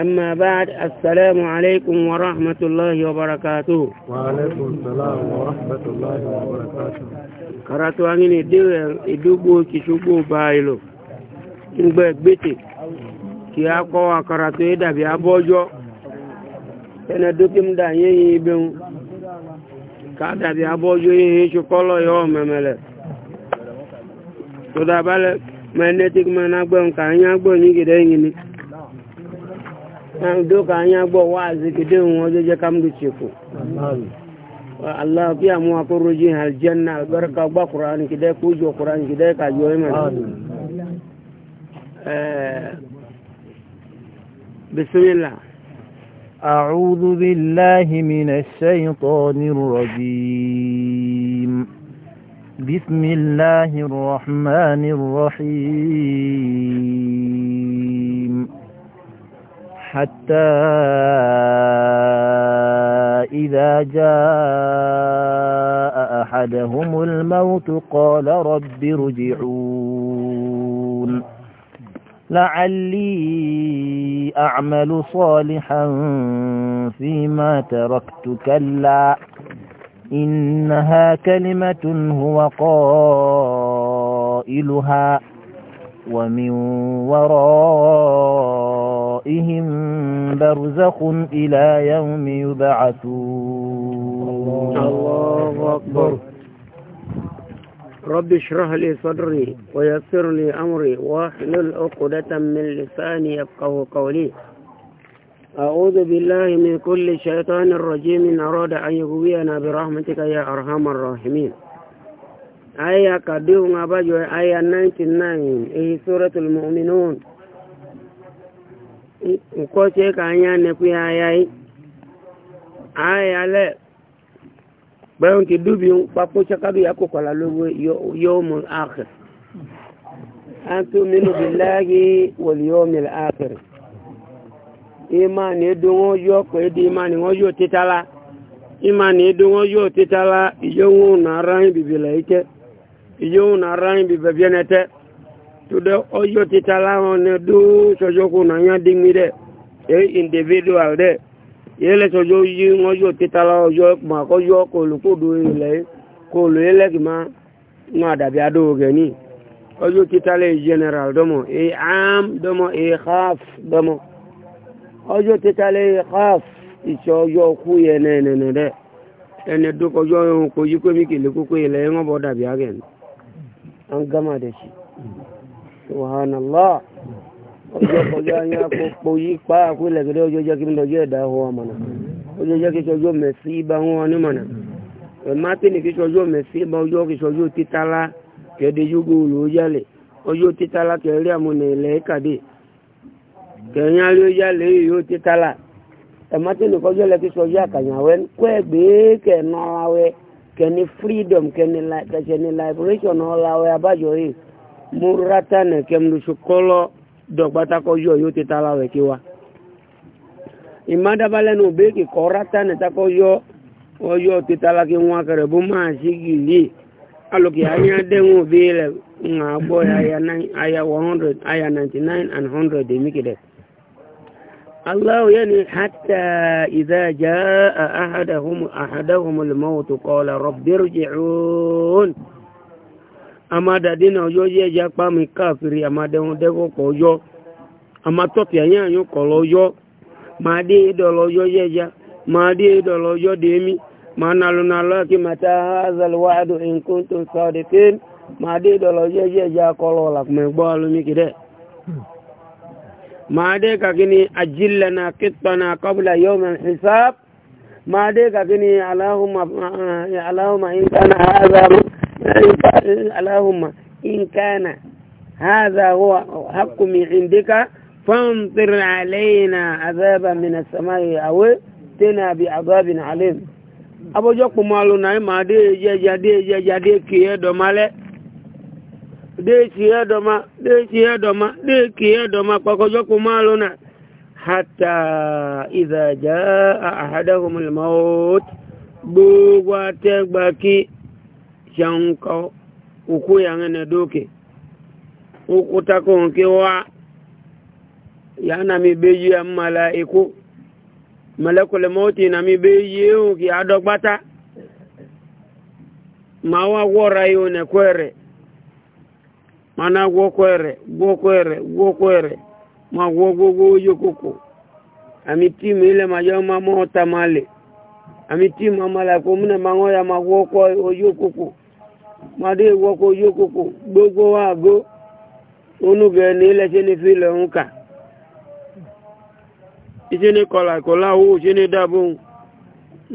أما بعد السلام عليكم ورحمة الله وبركاته وعليكم السلام ورحمة الله وبركاته karatu angin idubu kisubu bailo ngbe gbete ki ako wa karatu ida bi abojo ene dukim da yeyin ibun ka da bi abojo yeyin chukolo do ka anyị agbọ waazi kede onwe ojeje ka m duchefu allah pia mu akoro ji hal janna albarka gba qur'an kide ku jo qur'an kide ka jo e ma eh, bismillah أعوذ بالله من الشيطان الرجيم بسم الله الرحمن الرحيم حتى إذا جاء أحدهم الموت قال رب ارجعون لعلي أعمل صالحا فيما تركت كلا إنها كلمة هو قائلها ومن وراء برزخ إلى يوم يبعثون الله أكبر رب اشرح لي صدري ويسر لي أمري واحلل عقدة من لساني يفقه قولي أعوذ بالله من كل شيطان رجيم إن أراد أن يغوينا برحمتك يا أرحم الراحمين آية قديم أبجو آية 99 هي سورة المؤمنون nkọchie ka anyị anekwu ya anya yi ayalẹ bẹ́ẹ̀ ti dúbi papò ṣakabi akókò alalowo yóò mú àkìr àti mínú bí wọli wòlí yóò mú wọn yóò kọ edi ìmá ni wọn yóò títàlá tude ojo titala one du sojo na nya dimi de e individual de yele sojo yi ojo titala ojo ma ko yo ko lu ko do ile ko lu ile ki ma ma da bi ado ge ni ojo titala general domo e am domo e khaf domo ojo titala e khaf iso yo ku ye ne ne ne de ene du ko yo ko yi ko mi ki le ko ko ile ngo bo da bi agen an gama de shi subhanallah ọjọ́ kọjá yẹn akọ̀pọ̀ yìí pa àkúlẹ̀ gẹ́gẹ́ ọjọ́ jẹ́ kí n lọ́jọ́ ẹ̀dá ọwọ́ àmọ̀nà ọjọ́ jẹ́ kí sọjọ́ mẹ̀sí ibà wọn onímọ̀nà ẹ̀má tí ni kí sọjọ́ mẹ̀sí ibà ọjọ́ kí sọjọ́ títàlá kẹ́ẹ̀dẹ́ yógó olóyálẹ̀ ọjọ́ títàlá kẹ́ẹ̀rí àmọ̀nà ilẹ̀ ìkàdé kẹ́ẹ̀yìn alóyálẹ̀ yóò títàlá ẹ̀má tí ni kọjọ́ lẹ́ kí sọjọ́ àkànyàwẹ́ kọ́ ẹ̀gbẹ́ kẹ́ẹ̀ murata na kemnusu kolo dogbata ko yo yo tita la we kiwa imada bale no be ki korata na ta ko yo o yo tita la ki won kare bu ma sigili alo ki anya de ngo be le nga bo ya ya nan aya 100 aya 99 and 100 de mikide الله يعني حتى إذا جاء أحدهم أحدهم الموت قال رب ارجعون amadade na ọjọ́ yẹ ẹja pàmì káàkiri amadẹ́hun dẹ́kọ̀kọ̀ ọjọ́ amatọ́pì ayé àyàn kọ̀lọ̀ ọjọ́ máa dé ìdọ̀lọ̀ ọjọ́ yẹ ẹja máa dé ìdọ̀lọ̀ ọjọ́ dèémí máa nàlọ́ nàlọ́ kí màtá azàlùwà àdó nǹkan tó sọ̀rọ̀ pé máa dé ìdọ̀lọ̀ ọjọ́ yẹ ẹja kọ̀lọ̀ làkùnmẹ̀ gbọ́ alómi kìdẹ́. máa dé kàkíní ajílẹ̀nà kìtọ̀nà kọ́bùlà yọ̀ọ̀mẹ̀ xisab máa dé kàkíní aláhùnmá اللهم إن كان هذا هو حق من عندك فامطر علينا عذابا من السماء أو تنا بعذاب عليم abọ́jọ́ kò máa lò náà máa dé jẹjà dé jẹjà dé kì í ẹ̀dọ̀má lẹ́ dé kì í ẹ̀dọ̀má dé kì í ẹ̀dọ̀má dé kì í ẹ̀dọ̀má pàkọ́jọ́ kò máa lò náà hàtà ìdàjà àhàdàhùn mọ̀lẹ́mọ́ọ́t gbogbo àtẹ́gbà kí can ka uku yang na doke uku ta ko mi beji am malaiku malakul mauti na mi beji o ki adogbata ma wa wora yo ne kwere mana gwo kwere gwo kwere gwo kwere ma gwo gwo gwo yokoko amiti timu ile majoma mota male ami timu amala ko mune mangoya magwo kwa oyokoko mmadụ iwọkwa oji gbogbo gbogbowa agụ unu ga na ilete n'ife ile nka ichene kọla kọla wụ chene dabụ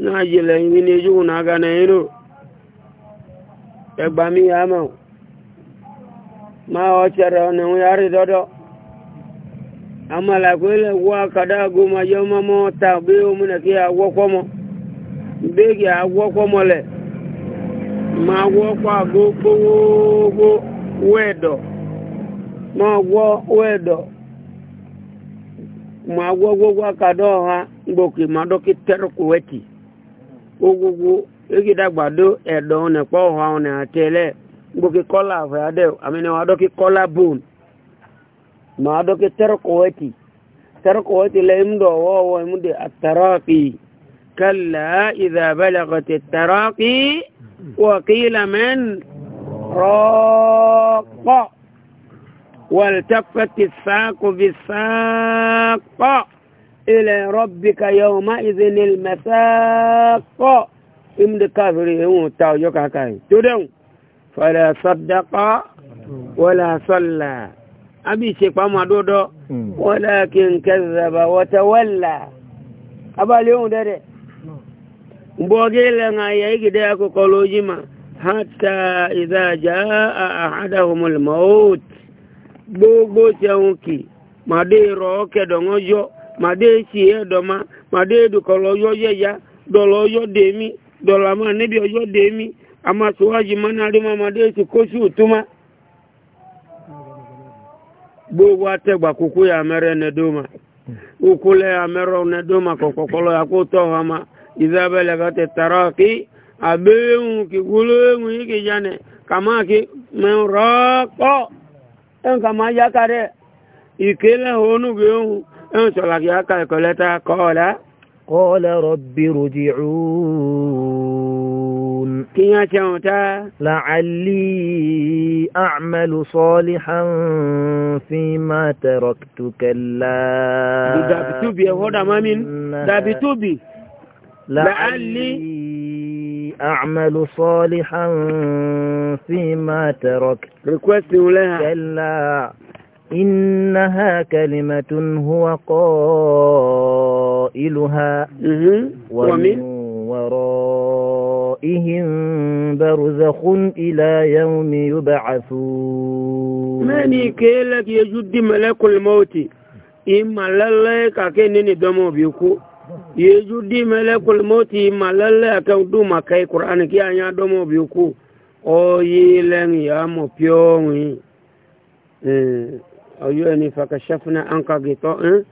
na jele ihe na-ejiwu na aga na ero ẹgbàmí ya mọ̀ máa ọ̀chẹ̀rẹ̀ ọ̀nà ìwọ̀n yàrí dọ́dọ́ àmàlàkó ma yọ mọ́mọ́ tàbí omi nà kí àwọ́kọ́mọ́ bẹ́ẹ̀kì àwọ́kọ́mọ́ ma gwọkwa go gbogbo wedo ma gwọ wedo ma gwọ gbogbo akado ọha gboke ma dọkị terkụ weti ogwogwo egidagba do edo nekpọ ọha ọ na-atele gboke kola afọ ya de amịna ọ dọkị kola bon ma dọkị terkụ weti terkụ weti le ndụ ọwọ ọwọ emude atara akpị كلا إذا بلغت التراقي وقيل من راق والتفت الساق بالساق إلى ربك يومئذ المساق إمد كافر هكاي فلا صدق ولا صلى أبي شيخ دودو ولكن كذب وتولى أبا اليوم داري mbogele ngayegi de ko kolojima hatta idha jaa ahadahumul maut bogo chaunki made roke dongojo made chie doma made du koloyo yeya doloyo demi dolama nebi oyo demi ama suwaji mana alima made ti koshu utuma bogo ategba kuku ya mere ne doma ukule ya mero ne doma kokokolo ya kutoha ma إذا بلغت التراقي أبيهم كقولهم يكجان كما كي من راق إن كما يكره إكله هونو بيهم إن سلاك يكره كلتا قال قال رب رجعون كي يشوتا لعلي أعمل صالحا فيما تركت كلا دابتوبي هو دمامين دابتوبي لعلي أعمل صالحا فيما تركت. كلا إنها كلمة هو قائلها ومن ورائهم برزخ إلى يوم يبعثون ماني كيلك يجد ملك الموت إما لله كاكيني دمو بيكو yezu di melekul moti malalla akan duma kai qur'ani ki anya domo bi ku o yilen ya mo pyongi eh ayo ni fakashafna anka gito eh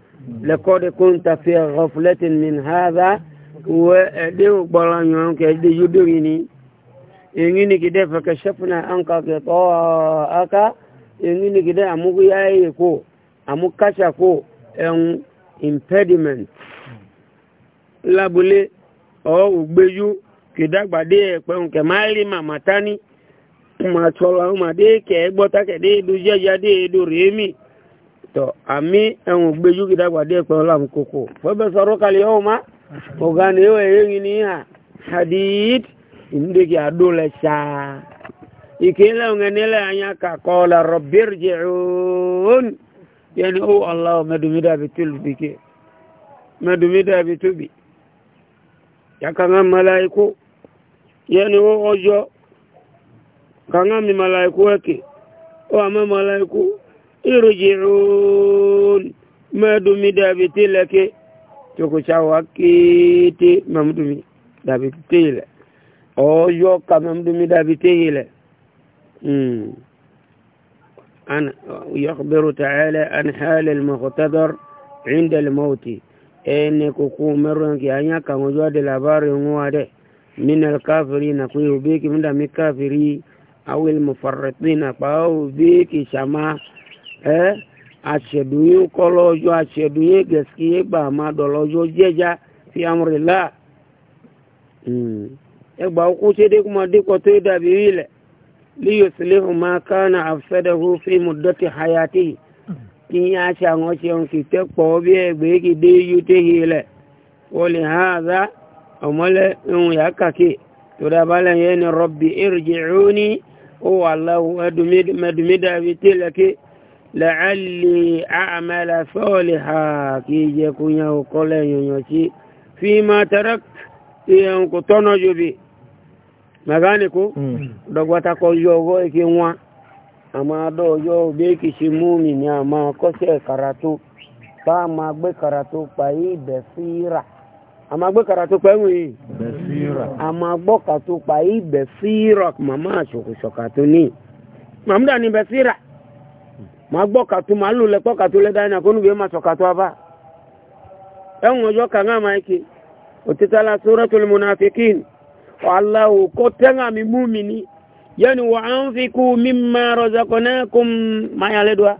laqad kunta fi ghaflatin min hadha wa adu balanyon ke de yudurini ingini kide fakashafna anka gito aka ingini kide amugu yayi ko amukasha ko en impediment lábúlé ọ́ ògbéjú kìdágbàdé ẹ̀pẹ̀hùn kẹ̀máìlì màmá tání màtsọ̀lá màdé kẹ̀ gbọ́tàkẹ̀dé dojẹ́jáde èdò rèémì tọ́ àmì ẹ̀hùn ògbéjú kìdágbàdé ẹ̀pẹ̀hùn làm koko fẹ́bẹ̀ sọ̀rọ̀ kàlẹ́ ọ̀hún ma ọ̀gá ni ó ẹ̀yẹ́ yìí ní hà hadid ìmúdèkì àdó lẹ̀ sáà ìkéèlè ọ̀hún ẹ̀nẹ́lẹ̀ àyàn kàkọ́ la rọ̀bìrì jẹ̀ òun yẹn ni ó ọ̀là mẹ́dùmídàbí tóbi yakanga malaiku yani wo ojo kanga mi malaiku wake o ama malaiku irji'un madumi dabiti lake toko chawakiti mamdumi dabiti ile ojo kama mdumi dabiti ile mm أن يخبر تعالى عن حال المختبر عند الموت ene ko ku merron ki anya kan ojo de labari ngwa de min al kafirina ku yubi ki mda mi kafiri awil mufarritina na ubi ki sama eh aseduye kolo ojo aseduye geski ba ma dolojo jeja fi amrila mm egba eh, ku se de kuma de ko to da bi ile li yuslihu ma kana afsadahu fi muddati hayatihi kinya cha ngoche on kite po bie gbe ki de yute hile wali hadha omole un yakaki toda bala yene rabbi irji'uni o wallahu adumid madumida bitilaki la'alli a'mala saliha ki je kunya o kole yonyochi fi ma tarak yen àmọ́ adọ́ọjọ́ obéèkì ṣe mú mi ni àmọ́ akọ́ṣẹ́ karatu bá a máa gbé karatu pa yìí bẹ̀ fíra a máa gbé karatu pa yìí bẹ̀ a máa gbọ́ karatu pa yìí bẹ̀ fíra màmá àṣòkòṣòkà tó ní màmúdà ni bẹ̀ fíra màá gbọ́ karatu màá lò lẹ́kọ́ karatu lẹ́dá iná kó nùgbé máa ṣọ̀kàtú abá ẹ̀wọ̀n ọjọ́ kàńgá máa ike òtítàlá sórẹ́tòlùmọ́nà àfikín ọ̀làwò kó tẹ́ńgà mi mú mi yani waanfiku mimma razaqnakum maya ledwa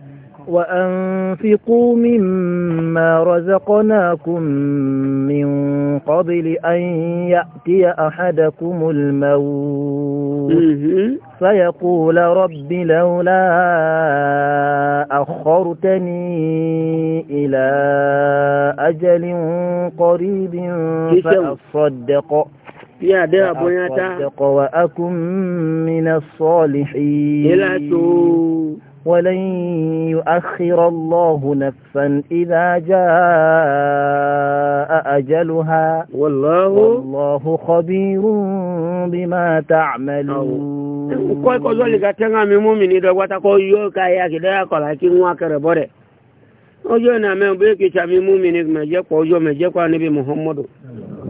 وأنفقوا مما رزقناكم من قبل أن يأتي أحدكم الموت فيقول رب لولا أخرتني إلى أجل قريب فأصدق ya dẹ́ra bóyá tá. Àkọ̀dẹ̀kọ̀ wa akun minas salihin. Ilá tó. ولن يؤخر الله نفسا إذا جاء أجلها والله والله بما تعملون kọ́ ikọ̀ zọ́lì ka mi mú mi ní dọ́gba yóò ká yá kọ̀lá kí wọ́n kẹrẹ bọ́ ọjọ́ ìnàmẹ́ bí kìí mú mi ní mẹ́jẹ́kọ̀ ọjọ́ mẹ́jẹ́kọ̀ níbi muhammadu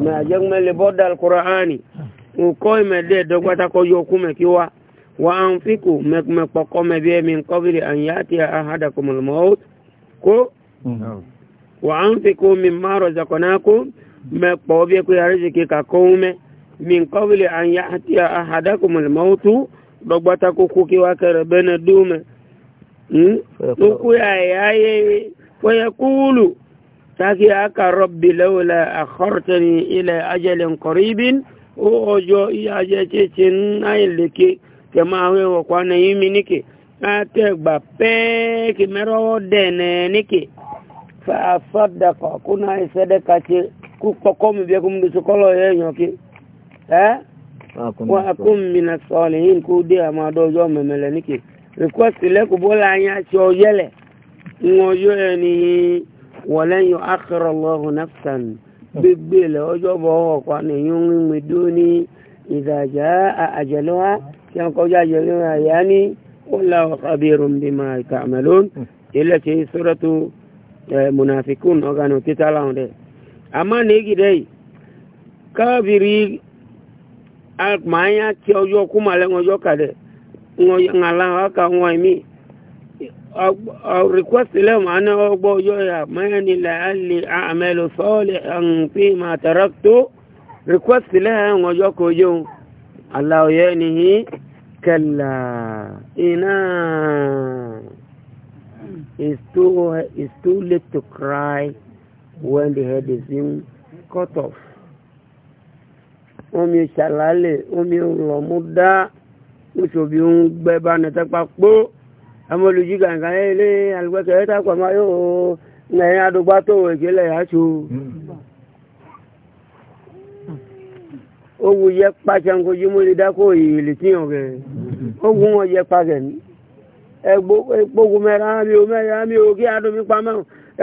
majagmele boda alqur'ani ukoi do dogwata ko kume kiwa wa anfiku mekume pokome bie min qabli an yati ahadakum almaut ko wa anfiku mimma razaqnakum mekpo bie ku yariziki ka koume min qabli an yati ahadakum almaut dogwata ko kukiwa kere bene dume nuku yaye yaye kulu taki aka rabbi laula akhartani ila ajalin qaribin o ojo iya je cheche nai leke ke ma we wo kwana yimi nike ate gba pe ki mero dene nike fa sadaqa kuna sadaka ti ku kokom bi ku mundu sokolo ye nyoki eh wa akum min as-salihin ku de ma dojo memele nike request le ku bola anya cho yele ngoyo ni ولن يؤخر الله نفسا ببيل وجبه وقال يوم مدوني إذا جاء أجلها ينقل أجلها يعني والله خبير بما تعملون إلا في سورة منافقون وكانوا كتالهم دي أما نيجي دي كابري أكمايا كي أجوكم على أجوكا دي ngalawa ka ngwa mi request لهم أنا أبو لعلي أعمل صالحا فيما تركت request لهم وجوكو جو الله يانه كلا إنا It's too, it's too late to cry when the head is in cut off. Omi ṣàlálẹ̀, omi ò lọ mú dá, oṣù bí ń gbẹ bá nẹ́tẹ́pá pọ́ amọ̀lùjì gàǹgà ilé alùpẹ̀kẹ̀ ẹ̀ tàkọ̀ máa yóò nàìjíríà àdúgbà tó ìgbélẹ̀ àṣù ogun yẹ pàṣẹǹkó jímúlẹ̀ dákò ìrìlẹ̀ tí yàn gẹ̀ ogun wọn yẹ pàṣẹ ní ẹgbógun mẹ́ra mi o mẹ́ra mi ò kí adomi pamọ́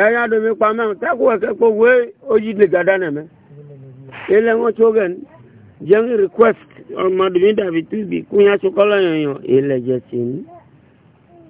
ẹ̀yìn adomi pamọ́ tẹ́kọ̀ ẹ̀kẹ́ pọ̀wé ojì lè gàdá nẹ̀mẹ́ ilẹ̀ wọn tó gẹ̀ ní jẹ́ request ọmọdé mi dàbí túbí kúnyà sọkọlọ yẹn yàn ilẹ̀ jẹ̀ sí ní.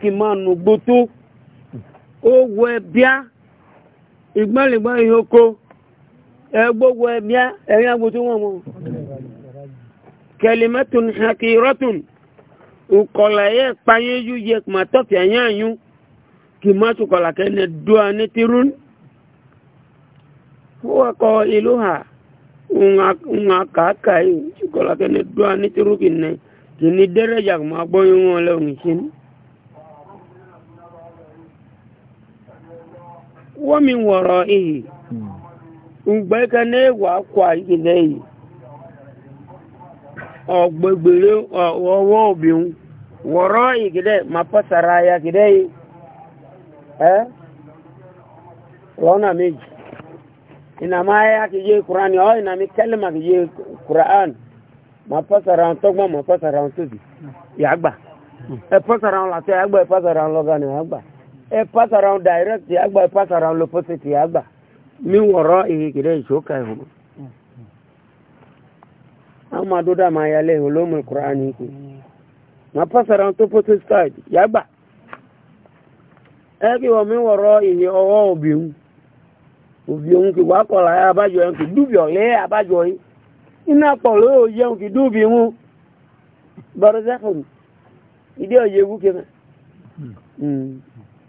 kì máa nù gbótó ó wọ ẹbíá ìgbọ́nlẹ̀gbọ́n ihe oko ẹgbógbó ẹbíá ẹ̀yìn agbótó wọn mọ́ kẹlìmẹ́tùn hakirọ́tùn ukɔla yɛ kpanye yu yɛ kuma tɔfia yɛ anyu kìma tukɔla kɛnɛ doa ne tirun wakɔ ilu ha ŋa ŋa kaka yi tukɔla kɛnɛ doa ne tiru kinɛ kini dɛrɛ jakuma gbɔnyɔŋɔ lɛ ŋun sin. wọ́mi wọ̀rọ̀ ihì hmm. ùgbẹ́kẹ́ n'egwà akwa ìgìdè yìí ọ̀gbẹ̀gbẹ̀rẹ̀ ọwọ́ obìnrin wọ̀rọ̀ ìgìdè ma pọ́sàrà ya gìdè yìí ẹ́ lọ́nà méjì ìnàmá ya kìí kùránì ọ́ ìnàmí kẹ́lìmà kìí kùránì ma pọ́sàrà tọ́gbọ́n ma pọ́sàrà tóbi yàgbà ẹ pọ́sàrà làtọ́ yàgbà ẹ pọ́sàrà yàgbà. ẹ pass around direct ya ẹ pass around opposite gba. mi wọ̀rọ̀ ìhìkìdẹ́ ìṣókà ìhùn àwọn máa ma pass around to opposite side yàgbà ẹ kí wọ́n mi wọ̀rọ̀ ìhìn ọwọ́ òbíhùn òbíhùn kì wá abájọ yẹn kì abájọ yìí iná pọ̀ kì bọ̀rọ̀ sẹ́kùn ìdí kẹ́mẹ́.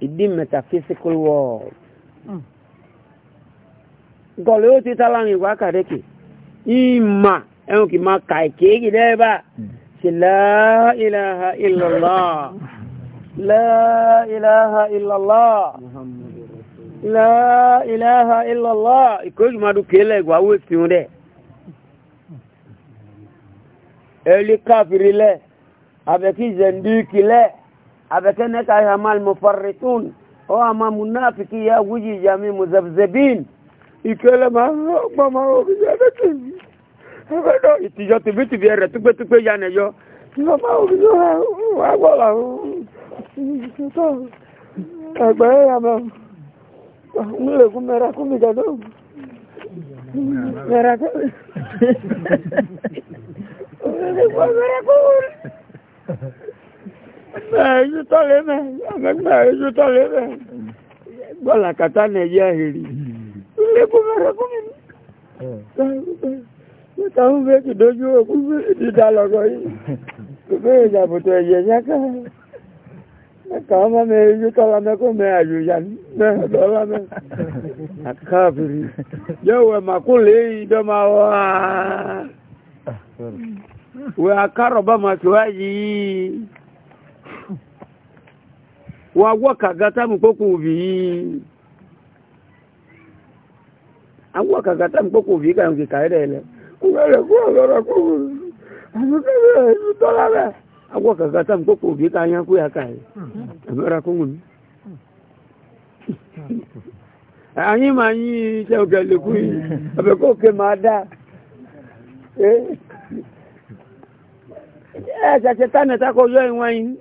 ìdí metaphysical world. Hmm. gọ̀lẹ́ ó ti tálàmì ìwà kàdékè ìmà ẹ̀hùn kì máa kà kéèkì dẹ́ẹ̀bà sí láìláha ìlọ́lá láìláha ìlọ́lá láìláha ìlọ́lá ìkójú máa dúkè lẹ́gbàá wé fi hún dẹ̀ ẹ̀lí káfìrí lẹ̀ àbẹ̀kí zẹ̀ndíkì lẹ̀ abekene ka hamal mufarritun o ama munafiki ya wuji jami muzabzabin ikele ma ma ma o bi ya de ti ebedo itijo ti biti bi ere tupe tupe ya ne yo ma ma o bi yo wa gbo la to agbe ya ma mi le ku mera ku mi gado mera ku mera ku ẹ̀jú tọ́lé mẹ́ ẹ̀mẹ́gbẹ́ ẹ̀jú tọ́lé mẹ́ gbọ́là kàtà nàìjíríà hìrì lẹ́kùn mẹ́rẹ̀ fún mi níta ń fẹ́ ti dojú òkú dídá lọ́gọ́ yìí pé ìjàbùtọ̀ ẹ̀jẹ̀ yáká ẹ̀ka ọmọ mi ẹ̀jú tọ́lá mẹ́kún mẹ́ àjòyà mẹ́rẹ̀dọ́lá mẹ́ àkáàbìrì wa waka gata mkoko vi awa kagata mkoko vi ka ngi kaere ile kugere kuogora kugu amukere tolala awa kagata mkoko vi ka nya kuya kai amara kungu anyi ma yi se ogele kuyi abe ko ke ma da eh eh sa se tane ta ko yo yin wa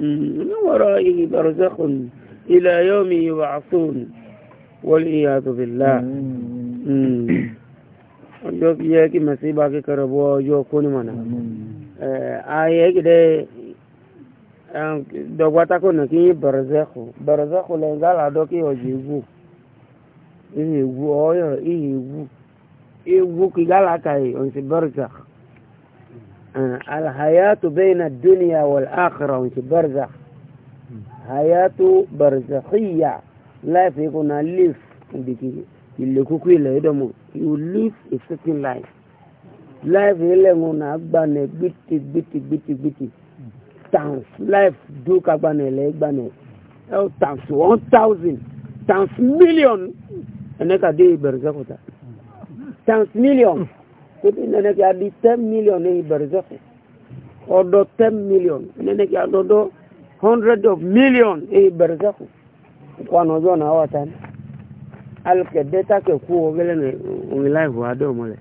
من ورائه برزخ إلى يوم يبعثون والعياذ بالله ọjọ́ kí yẹ kí mẹ̀sí bá kí kẹrẹ bọ́ ọjọ́ kó ní mọ̀nà ayé gidẹ dọ̀gbátákò nà kí yí bẹ̀rẹ̀zẹ́kù bẹ̀rẹ̀zẹ́kù lẹ gálàdọ́ kí ọjọ́ ewu ìhì ewu ọyọ̀ ìhì ewu ewu kí gálàkà bẹ̀rẹ̀zẹ́kù الحياة بين الدنيا والآخرة وانت برزخ حياة برزخية لا يكون live ilé kúkú ilẹ̀ ìdọ̀mọ̀ you live a certain life life ilẹ̀ngùn náà gbanẹ̀ gbìtì gbìtì gbìtì gbìtì times life dúkà gbanẹ̀ ilẹ̀ gbanẹ̀ oh times one thousand times million ẹnẹ́ka dé ìbẹ̀rù sẹ́kùtà times million kuti nene ki di 10 million ne barzakh odo 10 million nene ki adodo hundred of million e barzakh kwa no jona watan alke data ke ku ogele ne on live wa do mole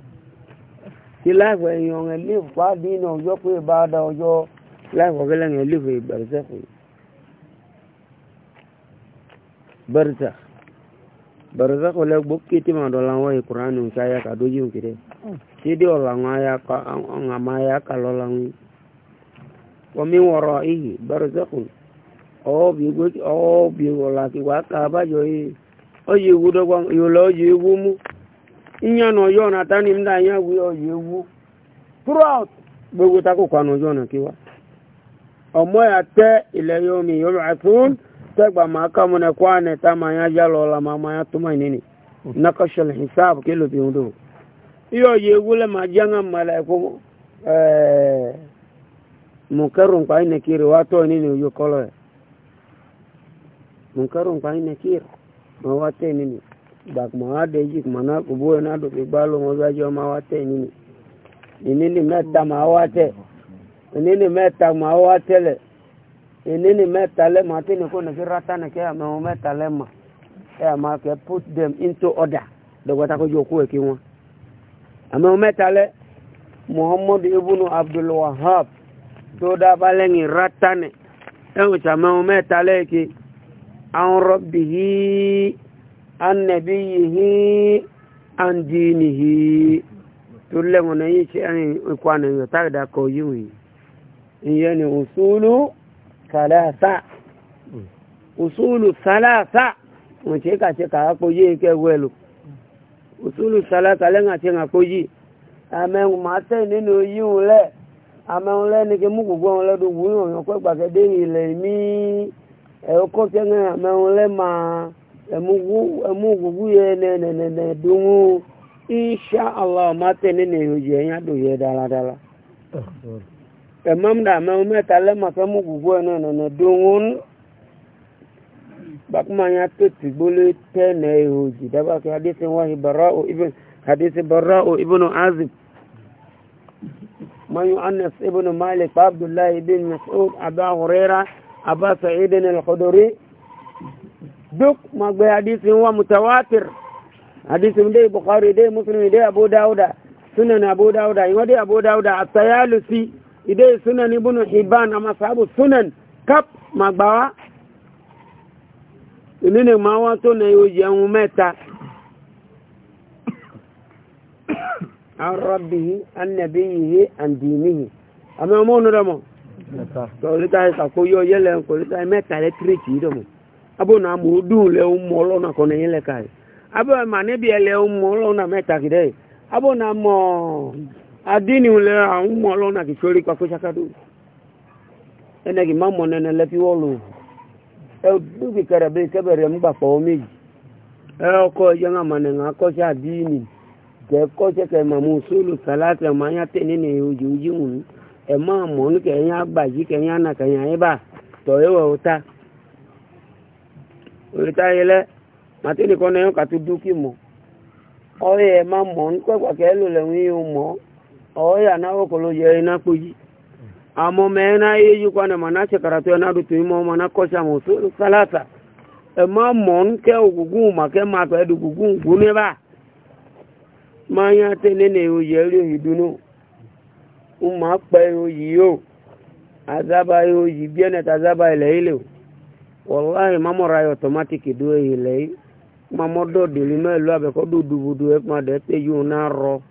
ti live en yon e live kwa di no yo ku ba da ojo live ogele ne live e barzakh barzakh barzakh le bokki ti ma do lan wa qur'an un kaya ka do jun kide sidi ọ̀rọ̀ àwọn àmáyá kalọ́la ń nwọrọ wọ̀rọ̀ iyì bẹ́rẹ̀sẹ̀kùn aka ọ̀làkìwá ká bájọ yìí ọ̀yẹ̀ ewu dọ́gbọ́n ìyọ̀lọ̀ ọ̀yẹ̀ na mú ìyànà ọ̀yọ́ ọ̀nà na ń dá ìyàn wí gbogbo takòkò àná na ọ̀nà ọmọ ẹ̀ tẹ́ ilẹ̀ omi ndụ. iyo yewule majanga malaiku eh, munkaru nkwaine kiri watu nini uyu kolowe munkaru nkwaine kiri mawate nini bakumawade iji kumana kubuwe nadu kibalu ngozaji wa mawate nini inini meta mawate inini meta mawatele inini meta le matini kuna kirata na kia meumeta lema kia make put them into order dogo takujo kuwe kimwa àmọ́ Muhammadu lẹ́ muhammad ibn abdul wahab tó dábàá lẹ́yìn rátánì ẹ̀hùn sàmọ́ mẹ́ta lẹ́ẹ̀kì àwọn rọ́bì yìí annabi tó lẹ́wọ̀n náà yìí ṣe ẹ̀rìn ikú ànàyàn táàdà kọ ni òṣùlù sàlàsà òṣùlù ṣe òtúlù sálátà lẹ́yìn àti ẹ̀ǹkó yìí àmẹ́hùn máa tẹ̀ nínú yíhun lẹ̀ àmẹ́hùn lẹ́ni kí mú gbogbo àwọn ọlọ́dún wúyàn ọ̀yàn pẹ́ gbàgede ilẹ̀ mí ẹ̀kọ́ kẹ́ńgẹ́ àmẹ́hùn lẹ́ máa ẹ̀mú gbogbo yẹ nẹ̀nẹ̀nẹ̀ dùn ún insha allah máa tẹ̀ nínú ìròyìn ẹ̀yìn àdòyẹ dáradára ẹ̀mọ́mdà àmẹ́hùn mẹ́ta lẹ́màfẹ́ mú gbogbo ẹ̀ nẹ̀nẹ̀nẹ̀ dùn ún bakuma ya toti gbolo tene ehoji daba ke hadisi wahi bara'u ibn hadisi bara'u ibn azib man yu'annas ibn malik abdullah ibn mas'ud aba huraira aba sa'id al-khudri duk magbe hadisi wa mutawatir hadisi dai bukhari dai muslim dai abu dauda sunan abu dauda in dai abu dauda at-tayalusi idai sunan ibn hibban amma sahabu sunan kap magbawa èmi ni màá wá tó na yóò ẹ̀hún mẹ́ta. arabihi anabiyihi andinihi àmì ọmọ ònú rẹ mọ tọ̀lítà ìsàkóyọ yẹlẹ kọ̀lítà mẹ́ta rẹ tírèkì rẹ mọ abó na amúrú dùn lẹ ń mọ ọlọ́nà kan níbi ẹ̀ lẹ ń mọ ọlọ́nà mẹ́ta kìdẹ́ abó na mọ lẹ mọ ọlọ́nà ẹnẹ́gì má mọ wọ́ọ̀lù. ẹdúgbì kẹrẹbẹ kẹbẹrẹ ń gbàpọ̀ méjì ẹ ọkọ yẹn ọkọ ń akọ́ṣẹ́ àdínì kẹ kọ́ṣẹ́ kẹ màmú sólù sàlátì ọmọ ayá tẹ̀ nínú ojú ojú wù ú ẹ máa mọ̀ ní kẹyìn àgbàjì kẹyìn àná kẹyìn àyíbà tọ̀ ẹwà ọ̀tá òyìntà yẹn lẹ màtínì kọ́ náà yẹn kàtó dúkì mọ̀ ọ̀yẹ̀ máa mọ̀ amo meena yeju kwana manache karatu ya nadu tuimo manakosa musulu salasa ema mon ke ugugu ke ma to edu gugu gune ba manya tenene o yeri hidunu umma pe o yiyo azaba yo yibiene tazaba ile ile wallahi mamo rai automatic duwe ile mamo do dilime lo abe ko dudubudu e ma de te yu na ro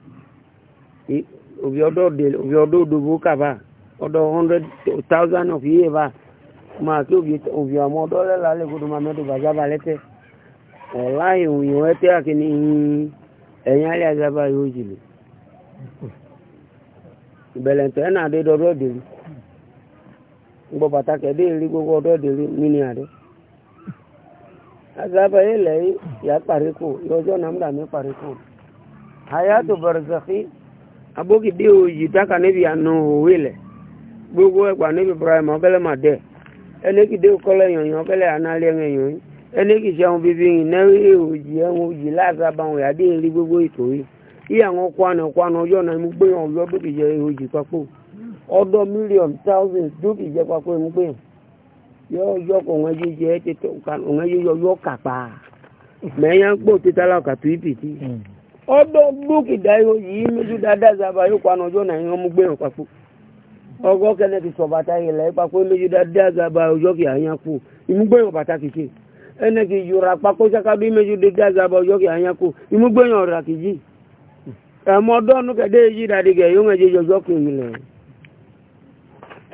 obi odo de obi odo dubu kaba ọdọ hundred thousand of year ba máa kí òbí ọmọ ọdọ lẹ́la lè kó tó máa mẹ́tò bàjá ba lẹ́tẹ̀ ọ̀la ìròyìn wọn tẹ́ àkíní ẹ̀yìn alẹ́ àjábá yóò jìlù ìbẹ̀lẹ̀ntẹ́ náà dé dọ́dọ́ dèlú gbọ́ pàtàkì ẹ̀dẹ́ ìrí gbogbo ọdọ́ dèlú nínú àdé àjábá yìí lẹ́yìn ìyá pàríkò yọjọ́ náà ń dà ní pàríkò àyàtò bọ̀rẹ̀ sọ̀fí abókìdé òyì tákà níbi àná òwe lẹ̀. gbogbo ẹ̀pà níbi ibrahim ọ̀kẹ́lẹ́ mà dẹ̀ ẹnẹ́kìdé kọ́lẹ̀ yọ̀nyọ̀ ọ̀kẹ́lẹ̀ ànálẹ́ ẹ̀yọ̀ yìí ẹnẹ́kìsí àwọn bíbí yìí náírà òjì ẹ̀wọ̀n òjì láàbà àwọn ìyáde rí gbogbo ètò yìí yí àwọn kwanu kwanu ọjọ́ náà mú gbé yàn ọjọ́ bókì jẹ òjì papò ọdọ mílíọ̀n táwùsìn dókì jẹ papò mú gbé yọ ọgọ́ kẹ́lẹ́ ti sọ bàtà yìí lẹ́yìn pa pé lójú dáadáa gaba ọjọ́ kì àyàn kù ìmúgbẹ́yìn bàtà kìí ṣe ẹnẹ kì í yọra pa kó saka bí méjì dédé àgàbà ọjọ́ kì àyàn kù ìmúgbẹ́yìn ọ̀rà kì í jì ẹ̀mọ́ dọ́nu kẹ́dẹ́ yìí dàdígẹ̀ yóò ń ẹ̀jẹ̀ ọjọ́ kì í lẹ̀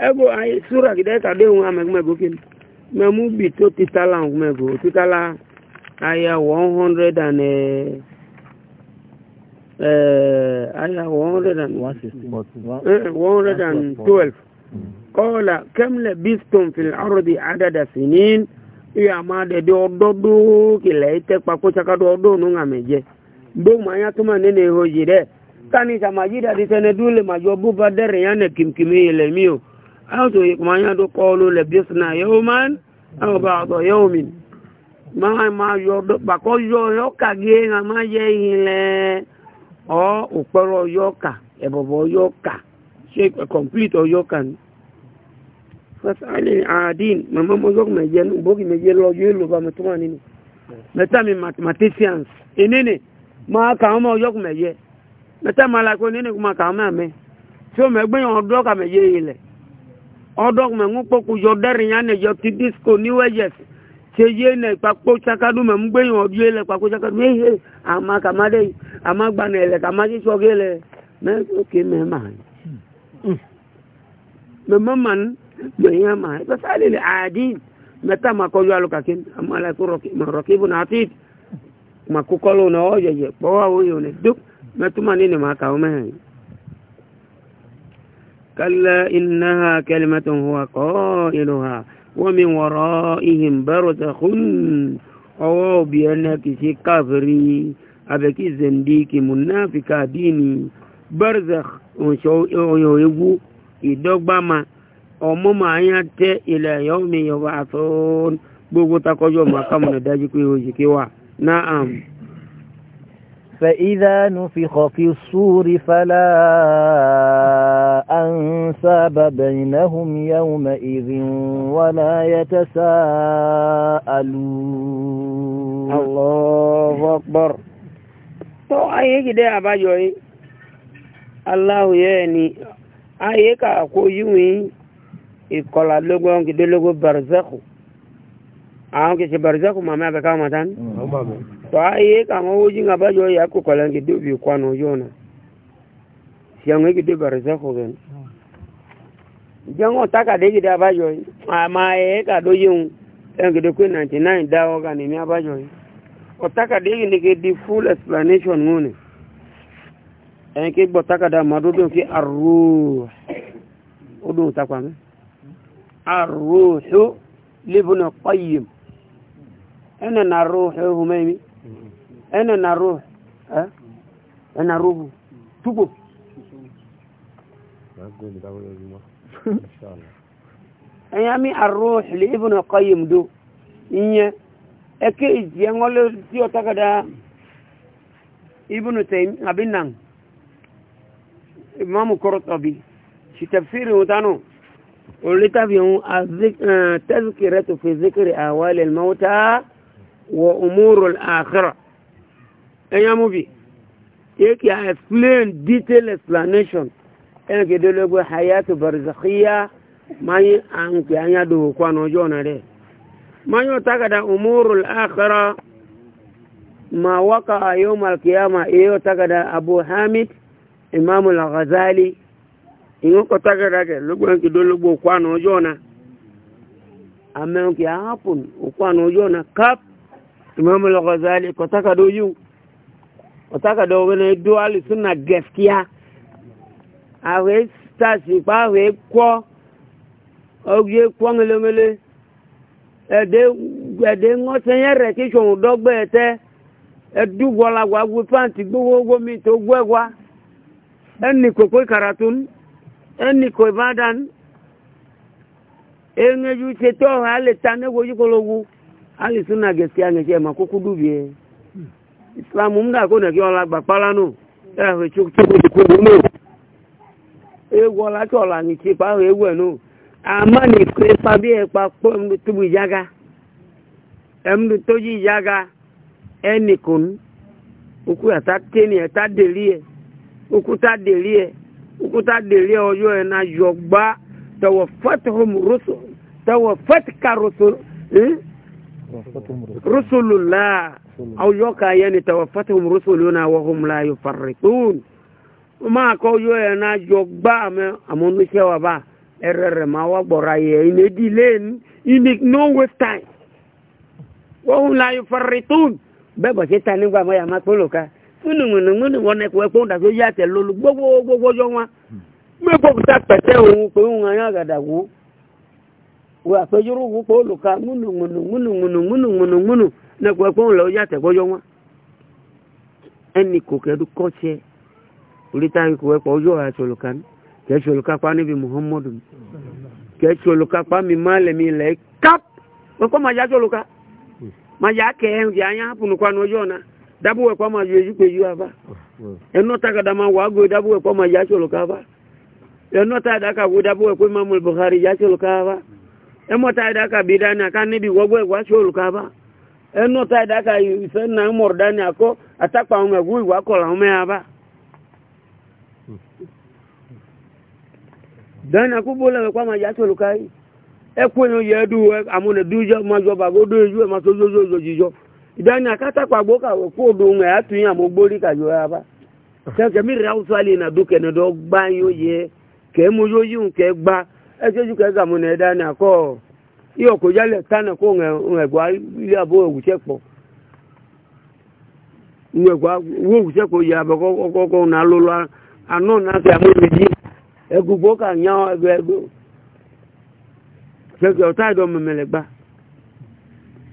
ẹgbọ́ ayé súra kìdẹ́ kàdé òun amẹ́gbẹ́gbẹ́ kí mẹ́mú bì títà láwọn mẹ́gbẹ́ títà lá ayé one hundred and. Eh, آية 112 قال كم لبثتم في الأرض عدد سنين يا ما دي أدودو كلا يتك باكو شكا دودو نونغا مجي دو ما يتما نيني هوجي دي تاني سما جيدا دي سندو لما جوبو بدر يعني كم كمي يلميو أو تو يكما يدو قولوا لبثنا يوما أو بعض يوم ما ما يدو باكو يو يو كاجي ما يهي لأ or ukporo yoka ebobo yoka sheik complete yoka ni fasali adin mama mozok meje bogi meje lo yo lo ba matuma nini meta mi mathematicians enene ma ka mo yok meje meta mala ko nene kuma ka ma me so me gbe yon do ka meje ile odok me ngun poku yo derin yan ne yo ti disco ni wejes se ye ne papo chakadu me ngbe yon bi ile papo chakadu eh eh amaka made amagba na ele ka maji so gele me so ke me ma me maman me ya ma ba sale le adin meta ma ko yalo ka kin amala ko roki ma roki bu natit ma ku kolo na oje je bo wa wo yo ne duk me tuma ni ne ma ka o me كلا إنها كلمة هو قائلها ومن ورائهم برزخ أو بأنك في كافرين abeki zendiki munafika dini barzakh onyo egu idogbama ọmọ ma ya tẹ ilẹ̀ yọ́ mi yọba àtún ma kàmù nà dájú pé o jì kí wà náà فإذا نفخ في الصور فلا أنساب بينهم يومئذ ولا يتساءلون الله أكبر tó ayé gidẹ àbájọ yìí aláwò yẹ ni ayé ká logo yíwì ìkọlà lógún kìdé ma barzakhu àwọn kìsì barzakhu màmá àbẹ̀ká wọn tán mm. tó ayé ká wọn ó na ṣẹ̀wọ̀n kìdé barzakhu gẹ̀ẹ́ jẹ́wọ́n 99 otaka ni nige di full explanation ngone en eh, ke botaka da madudu ki arruh odu takwa me arruhu libnu qayyim ana na ruhu e humaimi ana na ruhu eh ana ruhu tubo ẹ̀yà mi arruhu libnu qayyim do ìyẹn eke ìjì ẹ̀wọ́n ló tí ọ tákàdá ibùnú tẹ̀yìn àbí nà ìmọ̀mù kọ́rọ̀ tọ̀bí ṣìtẹ̀fìrì wọn tánù olùtàbí wọn tẹ́sìkìrẹ́ tó fi zikiri àwálẹ̀ mọ́ta wọ umuru àkàrà ẹ̀yà múbi yake explain detailed explanation ẹ̀yà kìdólógbò hayatu barzakhiya máa ń pè ányádò kwanu ọjọ́ náà rẹ̀ manyo tagada umurul akhira ma waqa'a yawm al-qiyamah iyo tagada abu hamid imam al-ghazali ingo ko tagada ke lugun ki do lugo kwano jona amen ki hapun kwano jona kap imam al-ghazali ko tagado yu ko tagado wona do al sunna gaskiya awe stasi pa we ko ogie kwangele ẹ̀dẹ́ ẹ̀dẹ́ ńọ́sẹ̀ yẹn rẹ̀ kí sọ̀hún dọ́gbẹ́ ẹ̀ tẹ́ ẹ̀dúgbọ́lá wa wí pàǹtí gbogbo mi tó gbẹ́ wa ẹnì kòkó ìkàràtún ẹnì kò ìbàdàn ẹ̀ńẹ́jú ṣe tọ́ àlè ta níwò yìí kọlọ́wọ́ àlè sún náà gẹ̀ẹ́sì àgẹ̀sì islam ń dà kó nà kí ọlá nù amani kwepa e bi epa po mdu tubu jaga emdu toji jaga eni kun uku ata teni ata delie uku ta delie uku ta delie ojo ena jogba tawaffatuhum rusul tawaffatka rusul hmm? eh? rusulullah au yoka yani tawaffatuhum rusuluna wa hum la yufarritun ma ko yo ena jogba ame amunise wa ba erere ma wa gbora ye ine di len ine no waste time wa hum la yufarritun bẹ́bọ̀ ṣe ta nígbà mọ́ ya máa pé lòka múnùmùnù múnùmùnù ẹ̀kọ́ ẹ̀kọ́ òǹdà tó yá tẹ̀ lólu gbogbo gbogbo ọjọ́ wọn mẹ́bọ̀ ta pẹ̀tẹ́ òun pé òun àyàn àgàdà wò wò àpéjúrú wò pé lòka múnùmùnù múnùmùnù múnùmùnù múnù ẹ̀kọ́ ẹ̀kọ́ òun lọ yá tẹ̀ gbọ́jọ́ wọn. ẹnì kò kẹ́dù kọ́ tiẹ̀ orí kò ẹ̀kọ́ ọjọ́ àtọ̀lùkan kẹ́sì olùkápá níbi muhammadu kẹ́sì olùkápá mi má lẹ̀mí ilẹ̀ káp ọkọ̀ máa yá sọ́lùká máa yá kẹ́ ẹ̀ àyàn àpùnùkọ́ ọjọ́ náà dábò ẹ̀kọ́ máa yọ èyí pé yí bá ẹnu takada máa wà gbé dábò ẹ̀kọ́ máa yá sọ́lùká bá ẹnu tàdáka máa buhari yá sọ́lùká bá bí dana kubola we ma majato lukai ekwenu yedu e, amune dujo majoba godo eju e masojojojo jijo idani akata kwa gboka we ko do nwe atun ya mo gbori ka yo aba se ke mi ra usali na duke ne do gba yo ye ke mu yo yun ke gba e ka ke ga mune dani ako iyo ko jale tana ko nwe nwe gwa ile abo nwe ewu ya ba ko ko na lolo anu na se ji egugbo ka nya ego ego fẹ́kẹ̀ ọ̀tá ìdọ̀ mẹ̀mẹ̀lẹ̀ gbá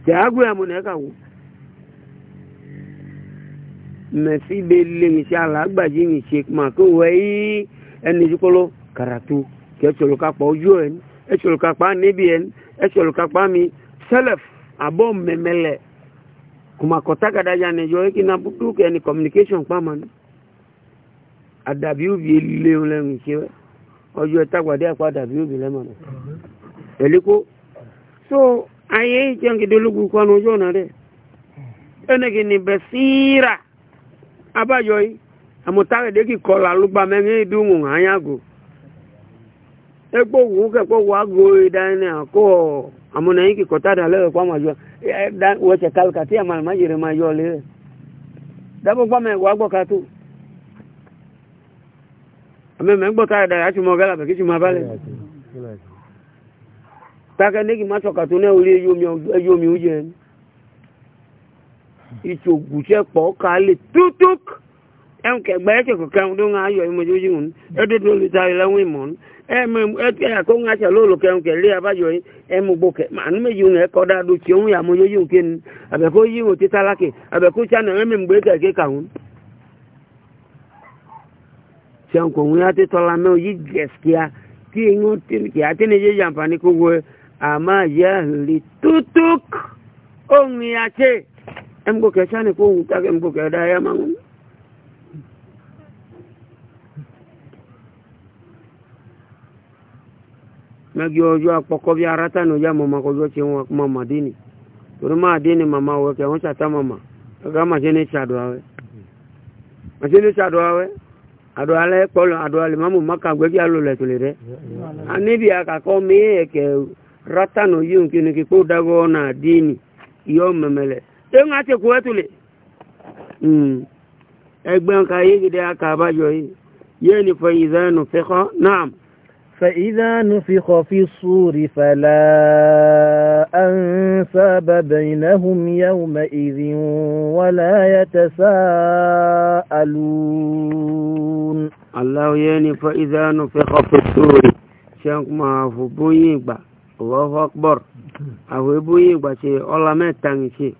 tẹ̀ ágbó ẹ̀mù nẹ́ kàwó mẹ̀sí bẹ lè ní ṣe alágbàjì ní ṣe mà kó wẹ́ yí ẹni ìṣúkọ́lọ́ kàràtú kẹ́ ṣòlùkápá ojú ẹ̀ ní ẹ ṣòlùkápá níbi ẹ̀ ní ẹ ṣòlùkápá mi sẹ́lẹ̀f àbọ̀ mẹ̀mẹ̀lẹ̀ kùmàkọ́ tákàdájà nìjọ ẹ̀ kí n abúkú kẹ́ ni communication pàmò ní àdàbí òbí lé wọn lẹ́nu ìṣe wẹ́. ọjọ́ ìtàgbàdé àpadà bí ó bì lẹ́mọ̀nà ẹ̀lẹ́kọ́ so ayé jẹ́ gidi ológun kwanu ọjọ́ ọ̀nà rẹ̀ ẹnẹ́gì ni bẹ̀ síra abájọ́ yìí àmọ̀tàgbẹ̀dẹ́ kì kọlà lùgbà mẹ́rin ìdúnwò ayágo ẹgbọ́ òwú kẹ́kọ́ wà go ìdáyẹnì àkọ́ àmọ̀nà yìí kì kọ́tà dà lẹ́rọ̀ kwamọ̀ ọjọ́ ẹ̀ẹ́dá wọ́ọ̀tẹ̀ kálukà tí àmàlùmáyèrè máa yọ ọ amẹ́mẹ́ gbọ́ta ẹ̀dà yà túnmọ̀ gálà pẹ̀kí túnmọ̀ abálẹ̀ tákẹ́ ní kí má sọ̀kà tó náà orí ẹyọ omi oúnjẹ ẹni ìtògùṣẹ́ pọ̀ ká lè tútúk ẹ̀hùn kẹgbẹ́ ẹ̀kẹ́ kọ̀kẹ́ ẹ̀hùn tó ń ayọ̀ ìmọ̀jọ́jì hùn ẹ̀dọ́ tó lè tayọ lẹ́wọ̀n ìmọ̀ ẹ̀kẹ́ àkóhùn àṣà lóòlò kẹhùn kẹlẹ́ ẹ̀kọ́ dáadọ́ tí òun yà mọ́jọ́jì siyan ko ŋun ate tɔ la mɛ o yi gɛsikiya ti yi ŋun tini kiya ate ne ye yanfani ko wo ama yahli tutuk o ŋun ya ce ɛmu ko kɛ sani ko ŋun da ya ma ŋun. mɛgi ɔjɔ akpɔkɔ arata ni ɔjɔ mɔmɔ kɔjɔ tse ŋun kuma madini torí ma dini mama wɔ kɛ ŋun sata mama ɛgá masini tsadɔ awɛ masini tsadɔ awɛ. ado alɛ kpɔlɔ ado alimamu maka gbɛbi alo lɛ tole dɛ anibi akakɔ mee kɛ rata nu yi nkene kekpo dago na diini yɔ mɛmɛ lɛ eŋu ati ko ɛtole ɛgbɛn hmm. ka yi de aka abajɔ yi yɛ nifɔ yi zɛ nufɛ naam. فإذا نفخ في الصور فلا أنساب بينهم يومئذ ولا يتساءلون الله يعني فإذا نفخ في الصور شانك ما فبويبا الله أكبر أو بويبا شيء الله متان شيء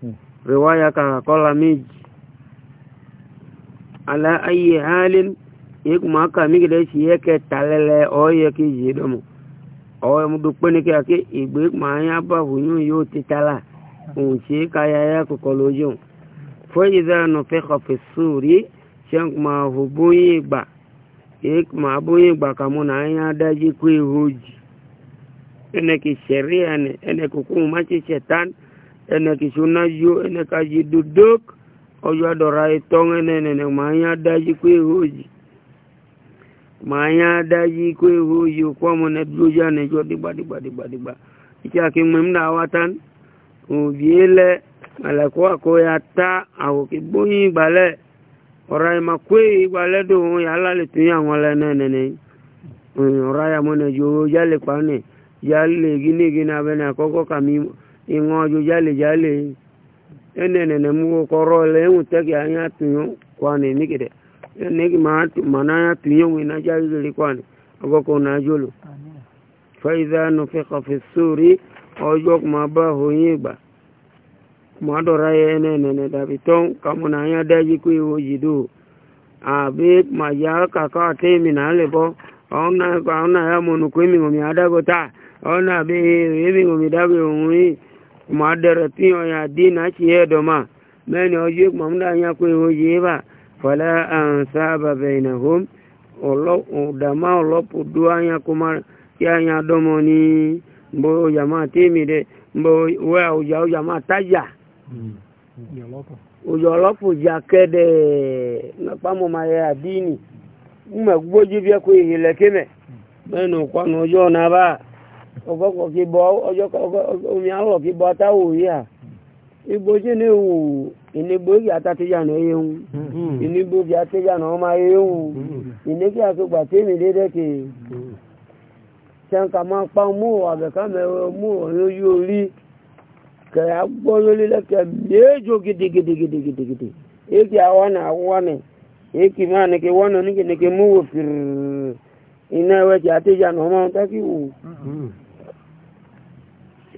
رواية كقول ميج على أي حال ekuma kami gele si ye ke talele o ye ki jidomo o mu du pene ke ake igbe ma ya ba hunyu yo titala un si ka ya ya ko kolojo fo iza no fe kha fi suri shan ma hubuyi gba ek ma buyi gba kamu na ya daji ku ihuji ene ki sheria ne ene ku ku ma ci shetan ene ki sunajo ene ka ji duduk ojo adora itong ene ne ma ya daji ku ihuji manya daji kwe huyu kwa mwana duja ne jo diba diba diba diba iki akimwemda awatan ubiele malakuwa koya ta awo kibunyi bale ora ma kwe bale do yala le tunya ngole ne ne ne ora ya mwana jo jale kwane jale gini gina bena koko kami ingo jo jale jale ene ne ne mu ko role mutaki anya tunyo kwane negi maana na inajaa hizo likwani agoko unajulu faidha nufika fisuri ojo kumaba huyiba kumadora yene nene dabiton ya daji kui ujidu abi maja kaka temi na lebo ona ona ya munu kwimi ngomi adago ta ona bi hivi ngomi dago ngui kumadera tiyo ya dina ma meni ojo kumamda ya kui ujiba fala ansaba bainahum ọ̀dàmá ọlọ́pù dúwá yẹn kó má kí ní mbọ́ ọjà máa tèmi dẹ mbọ́ wẹ́ ọjà ọjà máa tájà ọjà ọlọ́pù jà kẹ́dẹ̀ pàmò máa yẹ ìnigbóyè àtàtìyànà ehun ìnigbóyè àtàtìyànà ọmọ ehun ìnigbóyè àtúgbà tèmi dédéke ṣẹ́ǹkà máa pa mú àbẹ̀ká mẹ́rọ mú ọ̀yọ́ yóò rí kẹ̀yà gbọ́ lórí lẹ́kẹ̀ méjò gidigidigidigidi èkì àwọn àwọn èkì máa nìkẹ́ wọ́nà níkẹ́nìkẹ́ mú wò fìrì iná ẹwẹ́ tí àtìyànà ọmọ ohun tákì wò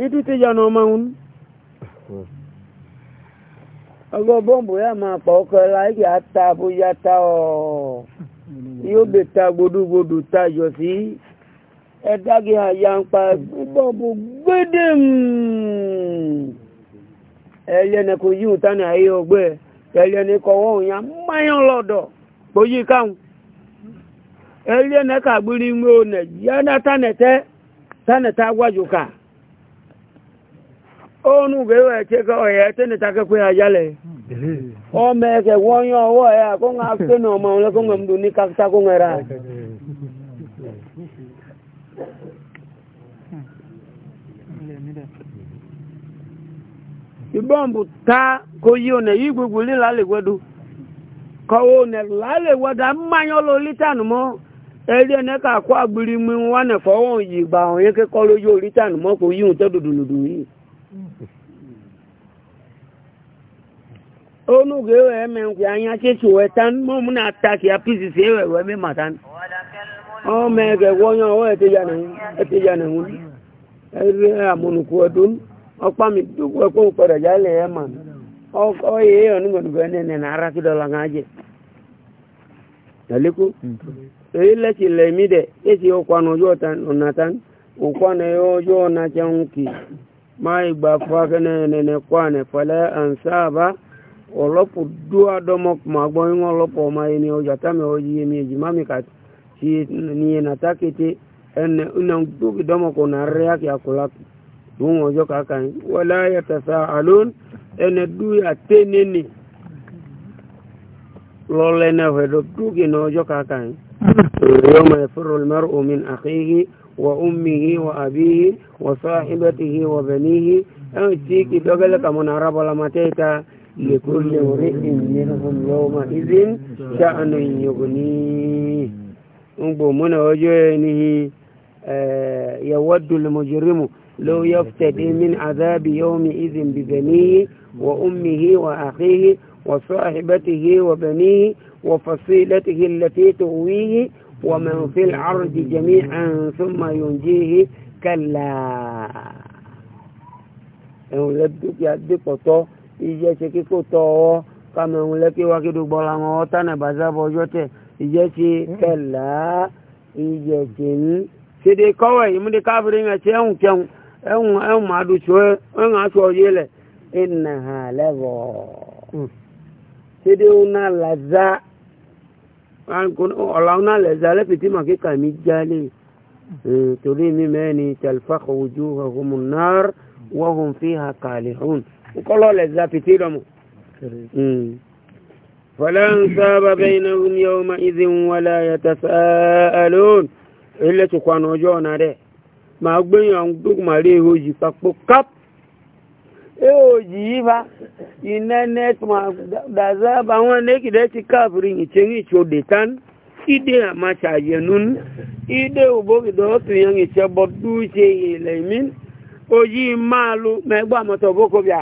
ìdú hmm. tìyànà ọmọ ohun. Hmm. ọgọ́ bọ́m̀bù yà máa pa ọkọ̀ ẹ̀la ẹ̀kì ata ta ọ̀ yóò bè ta gbodúgbodù ta yọ sí ẹ̀dági àyànpa bọ́m̀bù gbẹ́dẹ̀m ẹ̀lẹ́nì kò yíwù tánì ayé ọgbẹ́ ẹ̀lẹ́nì lọ́dọ̀ káwọn tánẹ̀tẹ́ tánẹ̀tẹ́ agbájú onu gbewe cheka oya tene take kwe ajale o meke wonyo wo ya ko nga afte no ma ole ko ngamdu ni kakta ko ngera ibombu ta ko yone igwugwu lila legwedu kowo ne lale wada mmanyo lo litanu mo eri ene ka kwa agbiri mi wa ne fowo yi gba on yeke ko lojo litanu mo ko yiun to dudududu yi onu ga-ewe eme nkwe anya chechi weta mmụọ na ataki ya ewe wee mata ọ mee onye ọwa na enwu eri amụnukwu odun ọkpami ekwe ma ọya ihe nene na na esi ụkwa na ọjọọ natan ụkwa na ihe ọjọọ na chenwuki ma aka na enene olopo dua domo magboin olopo ma ini o jatame o yi mi jimami ka ti ni na takete en una dugi domo ko na rea ki akula dun ojo ka kan wala yatasaalun en duya tenene lole na wedo dugi no ojo ka kan yawma yafirru almar'u min akhihi wa ummihi wa abihi wa sahibatihi wa banihi en ti ki dogale kamona rabola mateta لكل امرئ منهم يومئذ شأن يغنيه نقومون وجهه آه، يود المجرم لو يفتدي من عذاب يومئذ ببنيه وأمه وأخيه وصاحبته وبنيه وفصيلته التي تؤويه ومن في العرض جميعا ثم ينجيه كلا ìjẹsẹ kíkó tọ ọwọ kàmẹhùn lẹkẹ wákìdù gbọlà wọn ọtánà bàzàbọ ọjọ tẹ ìjẹsẹ kẹlà ìjẹsẹ ní. sèdè kọwẹ ìmúdi káfírin ẹsẹ ẹhùn kẹhùn ẹhùn ẹhùn àdùsọ ẹhùn aṣọ yìí lẹ ẹnà hà lẹbọ. sèdè ọ̀nà làzà ọ̀là ọ̀nà làzà lẹ́pìtì màkìkà mi jálè torí mímẹ́ni tẹlifà kọ̀wé ju ọ̀hún náà wọ́n fi hà kàlẹ́ hùn kọ́lọ́ lẹ̀ zapìtì lọ́mù. فلا انساب بينهم يومئذ ولا يتساءلون ilé tó kọ́ àná ọjọ́ ọ̀nà rẹ̀ máa gbéyàn àwọn tó kù máa rí ihò yìí papò káp ihò yìí fa iná nẹ́ẹ̀tì máa dàzá bá wọn nẹ́kìdẹ́ ti káàbùrì ìtẹ́yìn ìṣòdè tán ìdè àmàṣàyẹ̀ nínú ìdè òbókìdọ́ tó yan ìṣẹ́bọ̀ dúṣe ilẹ̀ mí òyì máa lo mẹ́gbàmọ́tò bókòbíà.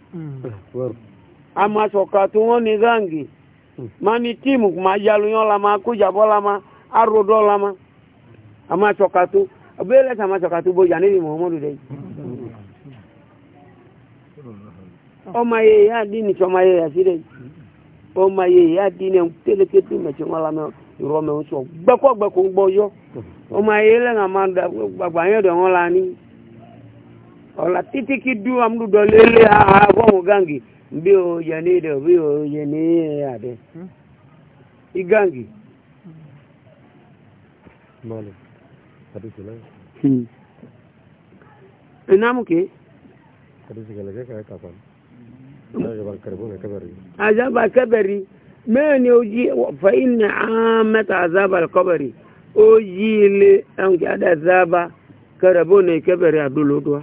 Mm. Eh, amasoka tuŋo mm. ni gangi mani timu majaluyo lama kujabo lama arudo lama amasoka tu bele sama soka tu bo janeli muhammadu dei oma ye ya dini choma ye ya sire oma ye ya dini en tele ke tu me choma lama rome uso gbeko gbeko gbo yo oma ye le na manda gbagba yo de won lani ọ̀la títí kí dú amúdúdọ̀ lélẹ̀ àfọ́hùn gáǹgì bí o yẹ ní ìdẹ̀ bí o yẹ ní àdẹ igáǹgì. ìnámùké. azaba kẹbẹ̀rì mẹ́rin ni o jí fẹ́yìn ní àmẹ́ta azaba kọbẹ̀rì o jí ilé ẹnkẹ́ adá azaba kẹrẹ̀bọ́n ní kẹbẹ̀rì àdúlódùá.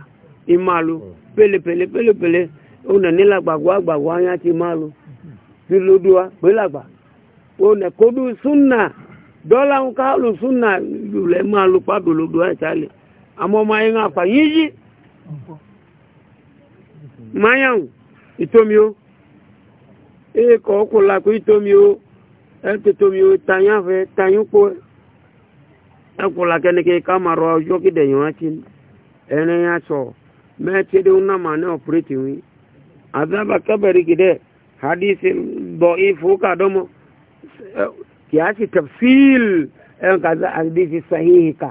imalu pelepele pelepele ona nila gbagwa gbagwa anya ti malu kilodua pelagba ona kodu sunna dola nka lu sunna yule malu padu e la e tanya e ya mẹ́tẹ́dẹ́ ń náà ní ọ̀pọ̀rẹ́tì wọn azaba kabari gidẹ hadisi bọ̀ ifo kàdọ́mọ kìáṣì tafsil ẹnkà hadisi sahihi ka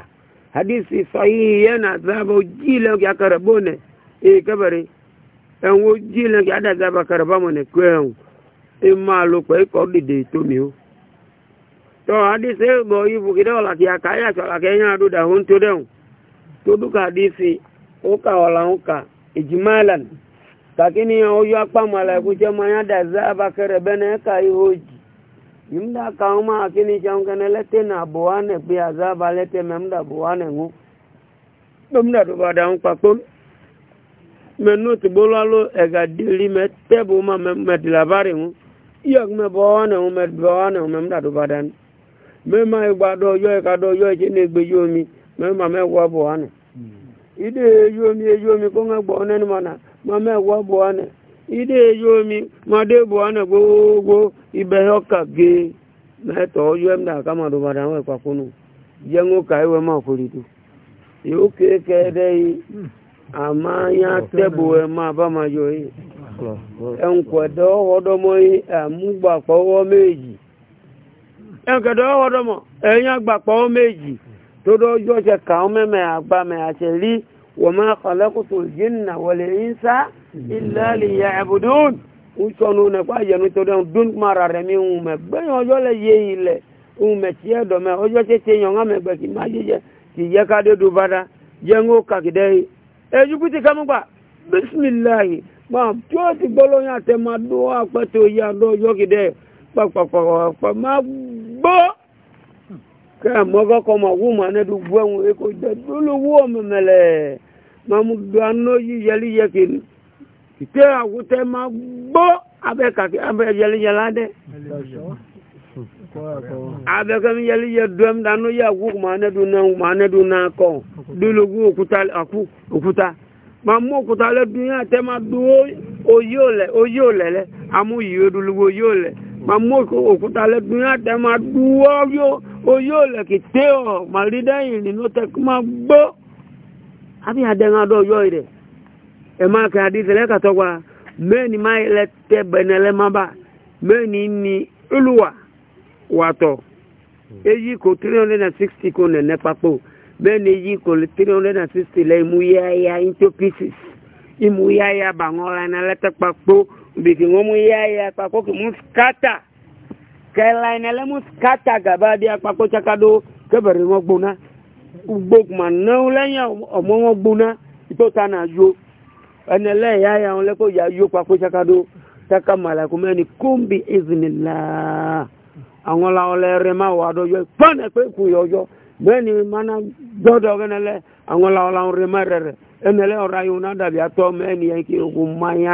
hadisi sahihi yẹn na azaba ojìlẹ̀ kìá karabó nẹ ee kabari ẹnwó ojìlẹ̀ kìá da azaba karabá mọ nẹ kẹ́hùn ẹ máa lo pẹ̀ ikọ̀ dìde tómi o tọ́ hadisi bọ̀ ifo gidẹ ọ̀làkìá káyà sọ̀làkìá yẹn adó dàhún tó dẹ̀hùn tó dúkà uka wala uka ijmalan lakini oyo akpamala kujema ya dazaba kerebene ka ihoji yimda kauma akini changana lete na buwane bi azaba lete memda buwane ngu memda dubada un pakon menu tibolalo ega memda mema yo ikado yo chini mema mewa ide eyi omi eyi omi kó ŋa gbɔ ɔnɛ ni ma na ma mɛ wɔ bɔ ide eyi omi ma de bɔ ɔnɛ gbogbo ibɛ yɔ ka ge mɛ tɔ yɔ ɛmu da kama do ba da ŋa kpa kunu yɛŋo ka ewɛ ma foli do yóò ké kɛ dɛ yi ama ya tɛbo yɛ ma ba ma yɔ yi ɛnkɔ dɛ ɔwɔ dɔmɔ yi amugba eh, kpɔwɔ méjì ɛnkɛ dɛ ɔwɔ dɔmɔ ɛnya eh, gba kpɔwɔ méjì. todo yóò ṣe kà ọ́ mẹ́mẹ́ àgbà mẹ́ àṣẹ rí wọ́n máa kọ̀lẹ́kùtù jìnnà wọlé ìnsá ilẹ̀ ìyá ẹ̀bùdún ń sọnù nípa ìyẹnu tó dẹ́hùn dún mara rẹ̀ mi ń mẹ́ gbẹ́yìn ọjọ́ lè yé ilẹ̀ ń mẹ́ tí ẹ̀ dọ̀mẹ́ ọjọ́ ṣe ṣe yàn án mẹ́gbẹ́ kì máa yíyẹ kì yẹ ká dé du bada yẹ ń ó yìí. èyí kú ti kámúgbà bisimilahi máa tí ó ti gbọ́lọ́ yàn àtẹ̀mọ́ àdó àpẹtẹ òye àdó ọjọ́ kìdẹ́ pàpàpàpà máa gbọ́ kẹ́ mọ́gọ́ kọ́ mọ̀ wú mọ̀ ní du bọ́ ẹ̀hún èkó jẹ́ dúró wú ọmọ mẹ́lẹ̀ mọ́mú gbaná yí yẹlíyẹkì ni kìtẹ́ àwùtẹ́ máa gbọ́ abẹ́ kàkí abẹ́ yẹlíyẹlá dẹ́ abẹ́kẹ́mi yẹlíyẹ dùm dáná yẹ wú mọ̀ ní du náà mọ̀ ní du náà kọ́ dúró wú òkúta òkúta mọ́mú òkúta lẹ́dùn yẹn àtẹ́ máa dúró oyé òlẹ̀ lẹ́ amú yìí ó dúró oyé òlẹ̀ mamóòkú òkúta lẹ́gbìn àtẹ máa dúwọ́ yó oyó lẹ́kì tẹ́ ọ̀ màrídẹ́yìn nínú tẹ́kí máa gbó àbí àdẹ́gàdọ̀ yọ rẹ̀ ẹ̀ máa kẹ́ àdìsẹ́lẹ́ kàtọ́gbà mẹ́ni máa lẹ tẹ́ bẹ̀nẹ́lẹ́ má bà mẹ́ni ní olùwà wàtọ̀ èyí kò three hundred and sixty kò nẹ̀ nẹ́pàpọ̀ mẹ́ni èyí kò three hundred and sixty lẹ́ ìmúyáyá into pieces ìmúyáyá bàwọn ọ̀la ẹ̀ bìkì wọn mú yá yẹ apapọ̀ kì mú skata kẹlá ẹni ẹlẹ́mú skata gàba bí apapọ̀ tsakado kẹbẹ̀rẹ̀ wọn gbóná gbogbo kuma náwó lẹ́yìn ọmọ wọn gbóná ìtò ta nà yó ẹni ẹlẹ́ yá yà wọn lẹ́kọ̀ọ́ yà yó papọ̀ tsakado tsaka màlàkù mẹ́ni kóńbi ìzìnìlá àwọn làwọn lẹ́ rẹ̀ má wà dọ́jọ́ pọ́n ẹ̀kọ́ ìkù yọjọ́ bẹ́ẹ̀ni mana dọ́dọ̀ ẹni ẹlẹ́ àwọn làwọn làwọn rẹ̀ má rẹ̀ rẹ̀ ẹni ẹlẹ́ ọ̀rọ̀ ayé wọn náà dàbí atọ́ mẹ́ni yẹn kí okùn máa yá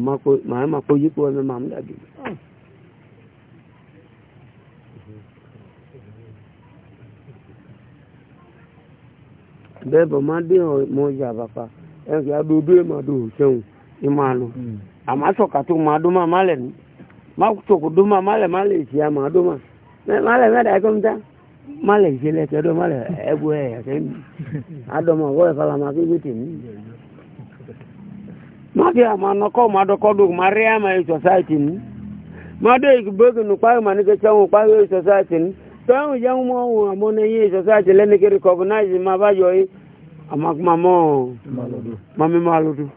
màá máa kó yípo ẹ̀mẹ́ màá dàbí. bẹ́ẹ̀ bọ̀ máa dé mọ ìyá àbàpà ẹ̀kì adódó ẹ̀ máa dòwò sẹ́wọ̀n ẹ̀ máa lọ. Hmm. àmọ́ sọ̀kà tó máa dó máa má lẹ̀ ní má sọ̀kò dó máa má lẹ̀ má lè ṣe àmọ́ àdó máa má mẹ́ta ẹ̀kọ́ mi ta má lẹ̀ ṣe lẹ́kẹ̀ẹ́ ẹ̀ ẹ̀kẹ́ mi àdọ́mọ̀ ọ̀gọ́ ẹ̀fọ́ la máa fi tèmi. magi ama noko mado kodu mariama e society ni mado e igbege nu kwai manike chamu kwai e society ni tawo yamu mo wo amone ye society le ne ke recognize ma ba yoi ama kuma mo mami maludu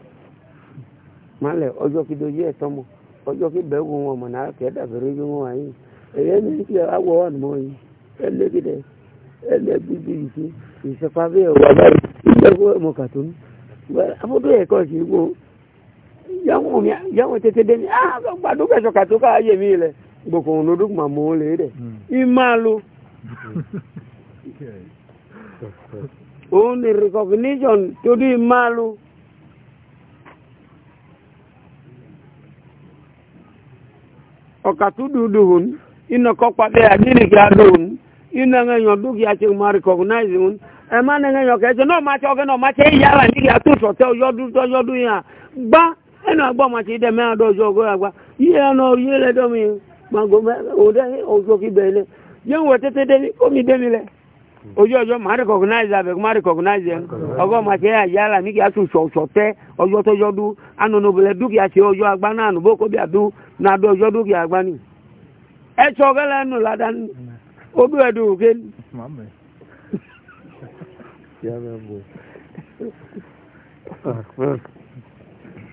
male ojo ki do ye tomo ojo ki be wo mo na ke da bere ju mo ai e ye ni ki awo wan mo yi e le ki de e le bi bi ki ni se pa be o wa ba ko mo katun ba amodo e ko ki wo yawon tete de ni ah gbadu gbeso kato ka aye mi le gboko ohun lodun ma mo le de ima lo only recognition to di ima lo ọkà tún dúdú hùn iná kọpa bẹẹ àdínìkì adó hùn iná ẹyàn dúkìá ti máa recognize hùn ẹ má ní ẹyàn kẹjọ náà má ti ọkẹ náà má ti yára nígbà tó sọtẹ yọdún tó yọdún yẹn à gbá. ẹnu agbọ màtí dẹ mẹ àdó ọjọ ọgọ àgbà yíyẹ ẹnu yíyẹ lẹ dọmi màgò mẹ òdẹ ọjọ kí bẹ lẹ yẹn wọ omi dẹmi lẹ ojú ọjọ máa recognize abẹ máa recognize ẹ ọgọ màtí ẹ àyà là ní kí a tún sọsọ tẹ ọjọ tọjọ dú anonobìlẹ dúkìá ṣe ọjọ àgbà náà nù bókó bí àdú dúkìá ni ẹ e nù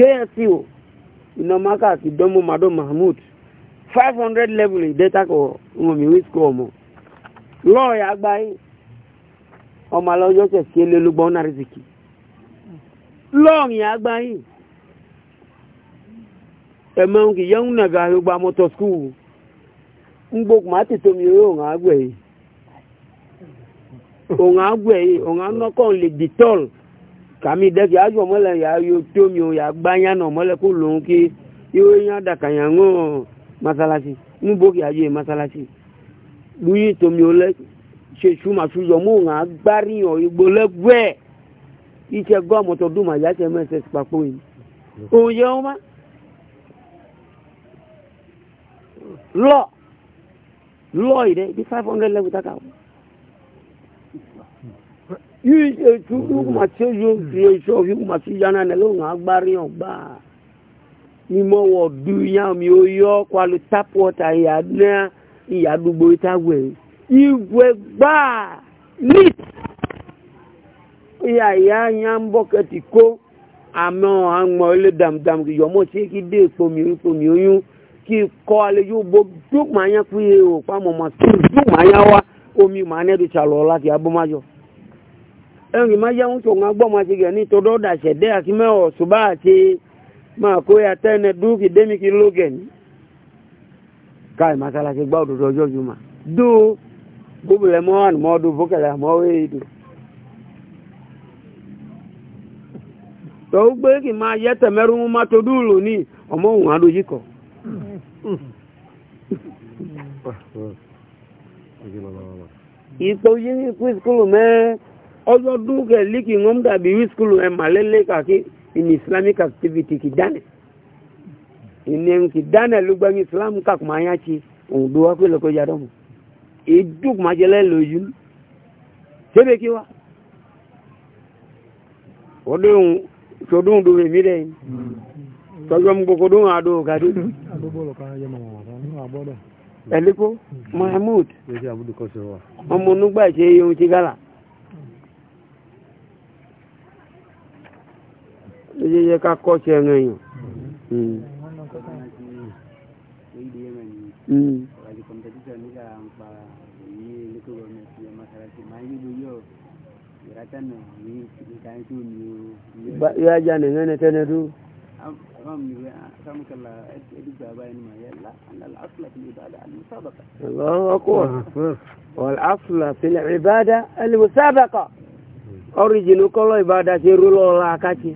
KSU inomaka kidomo mado Mahmoud 500 level data ko mo mi wis ko mo lo ya gba yi o ma lo yo se se lelugbo na riziki lo mi ya agba yi e ma un yan na ga school ngbo ma ti to mi o nga gbe yi o nga gbe yi o nga no kon le kàmi dẹ́kì ayọ̀ mọ́lẹ̀ yà yọ tómi o yà gbáyà nà mọ́lẹ̀ kó lòun ké yóò yàn dàkàyà ń hàn masalasi ń bókè ayé masalasi lóyún tómi o lẹ ṣe súnmà súnjọ mọ́ òun agbáríyàn igbó lẹ́gbẹ́ iṣẹ́ gbọ́ àmọ́tọ́ dùnmà yà ṣe mẹ́sẹ̀ papò yìí òun yẹ wọn má lọ lọ yìí dẹ bí five hundred level takà wọn yìí ètò ìgbìmọ̀ tí ó yóò fi èso ìgbìmọ̀ tí yánà nílò ń agbárí ọgbà ìmọ̀wọ̀ du ya mi ó yọ kwalu tap water ìyá náà ìyá gbogbo ìtàgbẹ̀ ìwẹ̀ gbà nít ìyá ìyá ya ń bọ́kẹ́tì kó àmọ́ àmọ́ ilé dàmdàm kì yọmọ tí kì í dé ìpomi ìpomi oyún kì í kọ́ alẹ́ yóò bó dúkùmáyà pé o pàmò mà sí dúkùmáyà wa omi mà nẹ́ẹ̀dù tsàlọ́ láti abọ́májọ́ ẹ̀rìn máa yẹ́ oúnjẹ òun agbọ́mọ̀tìgẹ̀ ní tọdọ́ dàṣẹ̀dẹ́ àti mẹ́wọ̀ ṣùgbá àti máa kó ya tẹ́ẹ̀nẹ̀ dúkì démìkì lógẹ̀ ní káì masalasi gbá òdòdó ọjọ́ jùmọ̀ dó bóbulẹ̀ mọ́ àná mọ́ dó fókẹ̀lẹ̀ àmọ́ wé dò. tọ́wọ́ gbé kì máa yẹ tẹ̀mẹ́rú máa tó dúró ní ọmọ òun adójú kọ. ìtòyí ní kúrìsìkúlù mẹ́ẹ́ ọjọ́ dúkẹ̀ líkì ń dàbí wí skúlù ẹ̀mà lẹ́lẹ́ kàkí in islamic activity kì dánẹ̀ ìní kì dánẹ̀ ló gbẹ́ ní islam kàkùmá yá ti òun dó wá pé lọ́kọ́ yá dọ́mù ìdúkùmá jẹ́ lẹ́lọ́yú tẹ́bẹ̀ kí wá ọdún tọdún dùn èmi rẹ̀ tọjọ́ mú gbogbo dùn àdó kàdé ẹ̀lẹ́kọ́ mahmood ọmọ onúgbà ṣe ohun ti gálà yeye ka kɔ tsɛ ŋɛ yi yájá nì ŋɛ nɛ tɛnɛ du. الله أكبر والعفل في العبادة المسابقة أرجل كل عبادة رلو الله كاتي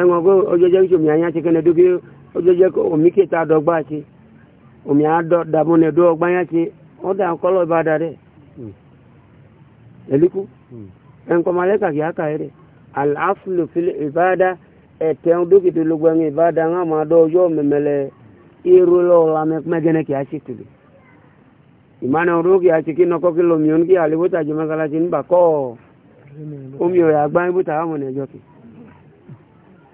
ẹ̀wọ̀n kó ojoojẹ́ ojú omi àyàn ti kẹ́ni dúkì ojoojẹ́ kó omi kìta dọ́gba ti omi àádọ́ dàbọ̀ ní ẹ̀dọ́ ọgbà yẹn ti wọ́n dà ń kọ́lọ́ ìbáda hmm. hmm. rẹ̀ ẹ̀líkú ẹ̀ńkọ́málẹ́kà kìí àkàyè rẹ̀ àláfùlù fìlẹ̀ ìbáda ẹ̀tẹ́ dúkì tó ló gbẹ̀ngẹ̀ ìbáda ńlá máa dọ́ ojú omi mẹ́lẹ̀ irú lọ́wọ́ la mẹ́gẹ́ni kìí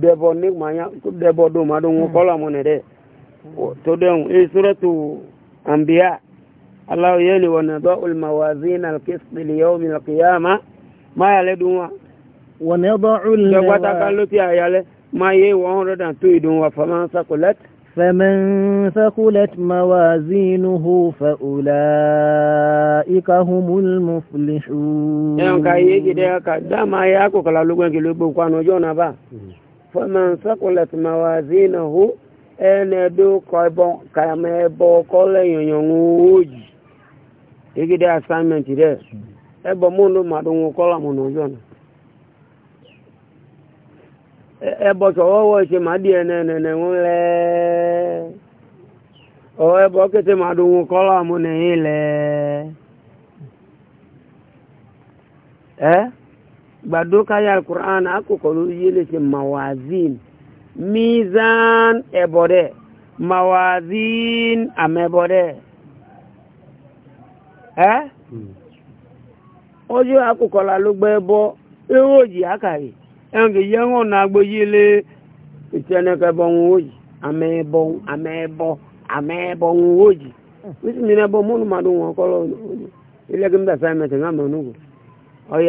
dẹbọ ní manya dẹbọ dùn ma dùn kọlọ mu nìdẹ tó dẹun èyí súrẹ́tù àǹbíyà aláwọ̀ yẹn ni wọn nàbọ olùmọ̀wàzí náà kí sìlìyàwó mi lọ́kì yá ma má yàlẹ́ dùn wa. wọn ní bọ́ ya, dọ́gbàtà kan ló ti àyàlẹ́ má yé one hundred and two ìdùn wa fọmọ sakulet. فمن ثقلت موازينه فأولئك هم المفلحون. ẹ̀rùn ká yé gidi ẹ̀ka dá máa yá kó kàlà lógún kìlógbò kwanu ọjọ́ náà فمن ثقلت موازينه أنا دو كايبون كايما بو كولا يونيوجي يجي assignment ده hmm. ebo mundu madungu kola munu jona e, ebo so wo se madie ne ne ne ngule o ebo kete madungu gbadokaghị alkuran akụkọ ihe na-eche mawazin mizan ebore mawazin amebore eh ojú akụkọla ló gbé bọ ewu òjì akàrí ẹnkì yẹ́wọ̀n náà gbóyílé ìtẹnẹkẹbọ ń wòjì amẹ́bọ amẹ́bọ amẹ́bọ ń wòjì wísìmínẹ́bọ múlùmọ́dún wọn kọ́lọ́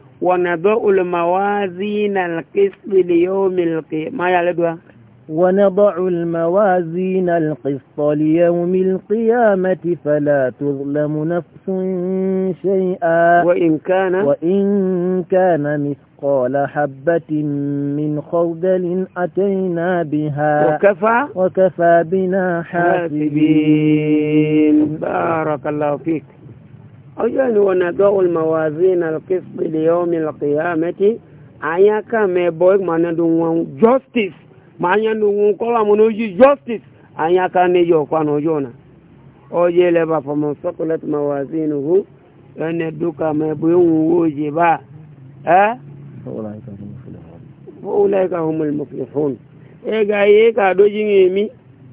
ونضع الموازين القسط ليوم القيامة ما يعلدها ونضع الموازين القسط ليوم القيامة فلا تظلم نفس شيئا وإن كان وإن كان مثقال حبة من خردل أتينا بها وكفى وكفى بنا حاسبين بارك الله فيك ọjọ́ ni wọn nàdọ́ olùmọ̀wáàzí nàlùkìsì lèyọ́mi lọ́kìyàmẹ́tì àyànká mẹ́bọ́ ìmọ̀nàdù wọn justice mọ̀nyẹ́nu wọn kọ́lá mọ́nà ojú justice àyànká níyọ̀ ọ̀pánu ọjọ́ náà ọjọ́ ilẹ̀ bá fọmọ sọ́kùlẹ́tì mọ̀wáàzí nìhu ẹni dúkà mẹ́bọ́ ìhun owó jì bá ẹ́ fọwọ́láyé ká homo ìmọ̀kìlẹ̀ fún ẹ̀gá yìí ká dójú yìí mi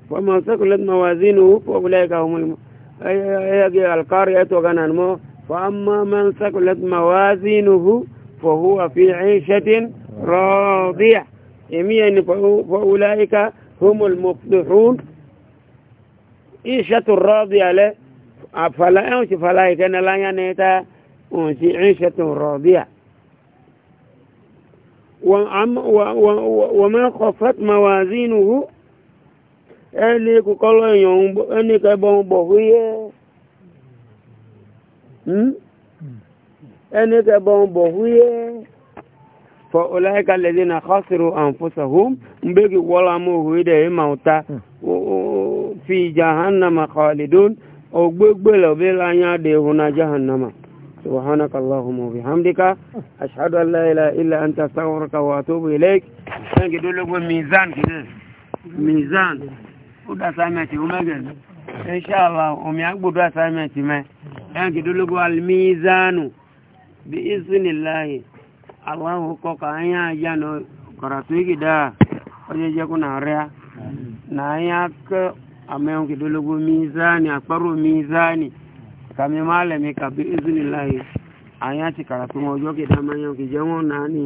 fọmọ القارية القرية فأما من ثقلت موازينه فهو في عيشة راضية أن فأولئك هم المفلحون عيشة راضية له فلا يمشي فلا يكن لا ينهتا عيشة راضية وما خفت موازينه ẹni kòkọ́lọ́ èèyàn ẹni kẹbọn bọ̀ fúyẹ́ hmm? ẹni kẹbọn bọ̀ fúyẹ́ fọ ọláyíká lẹ́dí na kọ́sìrò àǹfọ́sàhó ń bẹ́ kí wọ́lá mú òhùrí dẹ̀ ẹ̀ máa ta fi jahannama kọ́lidón ọgbẹ́gbẹ́ lọ́bẹ́ láyá dẹ̀ hùnà jahannama سبحانك اللهم وبحمدك أشهد أن لا إله إلا أنت أستغفرك وأتوب إليك. ميزان كده ميزان gbódò assignment ìwọ mẹ́gẹ̀ẹ́sì inṣàlá omi agbódò assignment mẹ́ ẹ̀yàn kìí dúró gbọ́ alimizanu bí isinilayi aláwo kọ́kọ́ ẹ̀yàn ajá nù kọ̀rọ̀tù ìgìdá ọjọ́ jẹ́ kó nà rẹ́à nà ẹ̀yàn kọ́ àmẹ́yàn kìí dúró gbọ́ mizani àpárò mizani kàmi má lẹ̀mí kàbí isinilayi ẹ̀yàn ti kàràtú mọ́ ọjọ́ kìí mẹ́yàn kìí wọn nà ní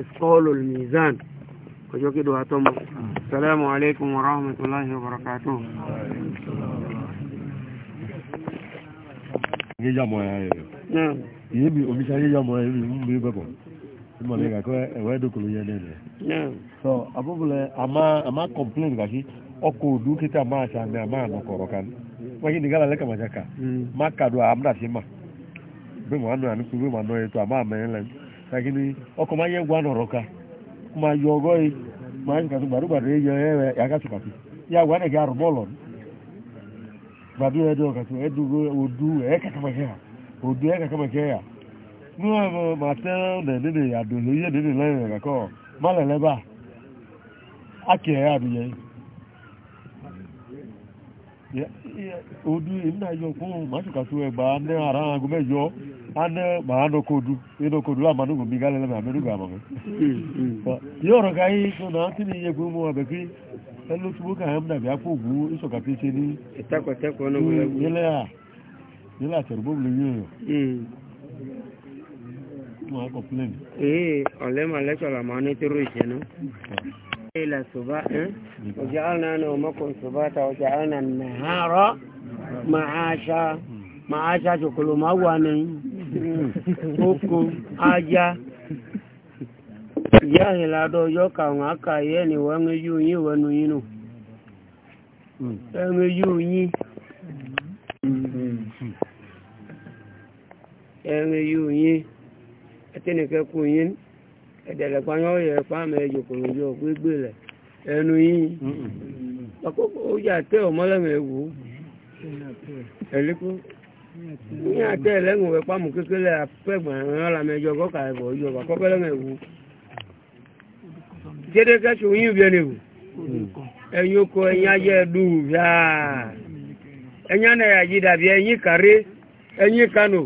ìsọ́ọ̀lù mizani ọjọ́ kí lóha tó mọ́ salamu alaikum wa rahmatullahi wa barakatuh yìí bí omíṣà yíyá mọ̀ ẹ̀rí ń bí bẹ́bọ̀ ìmọ̀lẹ́ ìgbàkọ́ ẹ̀wẹ́ dòkòlò so abúbulẹ̀ àmá complain kàkí ọkọ̀ òdú kíta máa ṣàmì àmá ànàkọ̀rọ̀ kan wọ́n yìí nìgbàlá lẹ́kà máa ṣàkà hmm. má kàdù àmúdà sí mà bí mo wà nù àníkú bí mo wà nù ẹ̀tọ́ àmá àmẹ́rin lẹ́nu kàkí ni ọkọ̀ máa yẹ gbọ́ ànàrọ̀ kan ma yogoi ma nka tu baru baru yo ewe ya ka sukati ya wane ga arbolon badu edo ka tu edu odu e ka kama ke odu e ka kama ke ya no mo ma te de de de ya do ye de de le ka ko ma le le ba ake ya bi ye ya odu ina yo ko ma tu ka e ba ne ara go yo ane mm, mm. yoro kai so na tini ye gumu wa beki elu tubu ka hamna bi apo gu iso ka piche ni etako etako no mm, bula gu yele ya yele aterbo bule yo mm mo eh ole ma le ise no ila eh, suba eh no makon nahara ma'asha ma'asha oko aja ìyá ìlàdọ̀ ọjọ́ kàwọn àkàyẹ ẹ̀nìwọ̀ ẹ̀rẹ́jú yín ìwẹ̀nu yín nù ẹ̀rẹ́jú yín ẹ̀rẹ́jú yín ẹ̀tẹ́nìkẹ́kù yín ẹ̀dẹ̀lẹ̀páyán ọ̀yẹ̀ fáàmì ẹ̀jọ̀kọ̀rọ̀jọ̀ gbégbé rẹ̀ ya yín ọkọ̀ ó yà tẹ́ ní àtẹ ẹlẹ́gùn rẹ̀ pàmò kékeré apẹ́gbọ̀n ẹ̀rọ lamẹjọ kọ́kà ẹ̀bọ̀ ìjọba kọ́kẹ́lẹ́ ẹ̀wù jẹ́dẹ́kẹ́ tó yín bíẹ́ ni wù ẹ̀yin oko ẹ̀yin ayé ẹ̀dùn bíà ẹ̀yin anayàjí dàbí ẹ̀yin kàrí ẹ̀yin kano.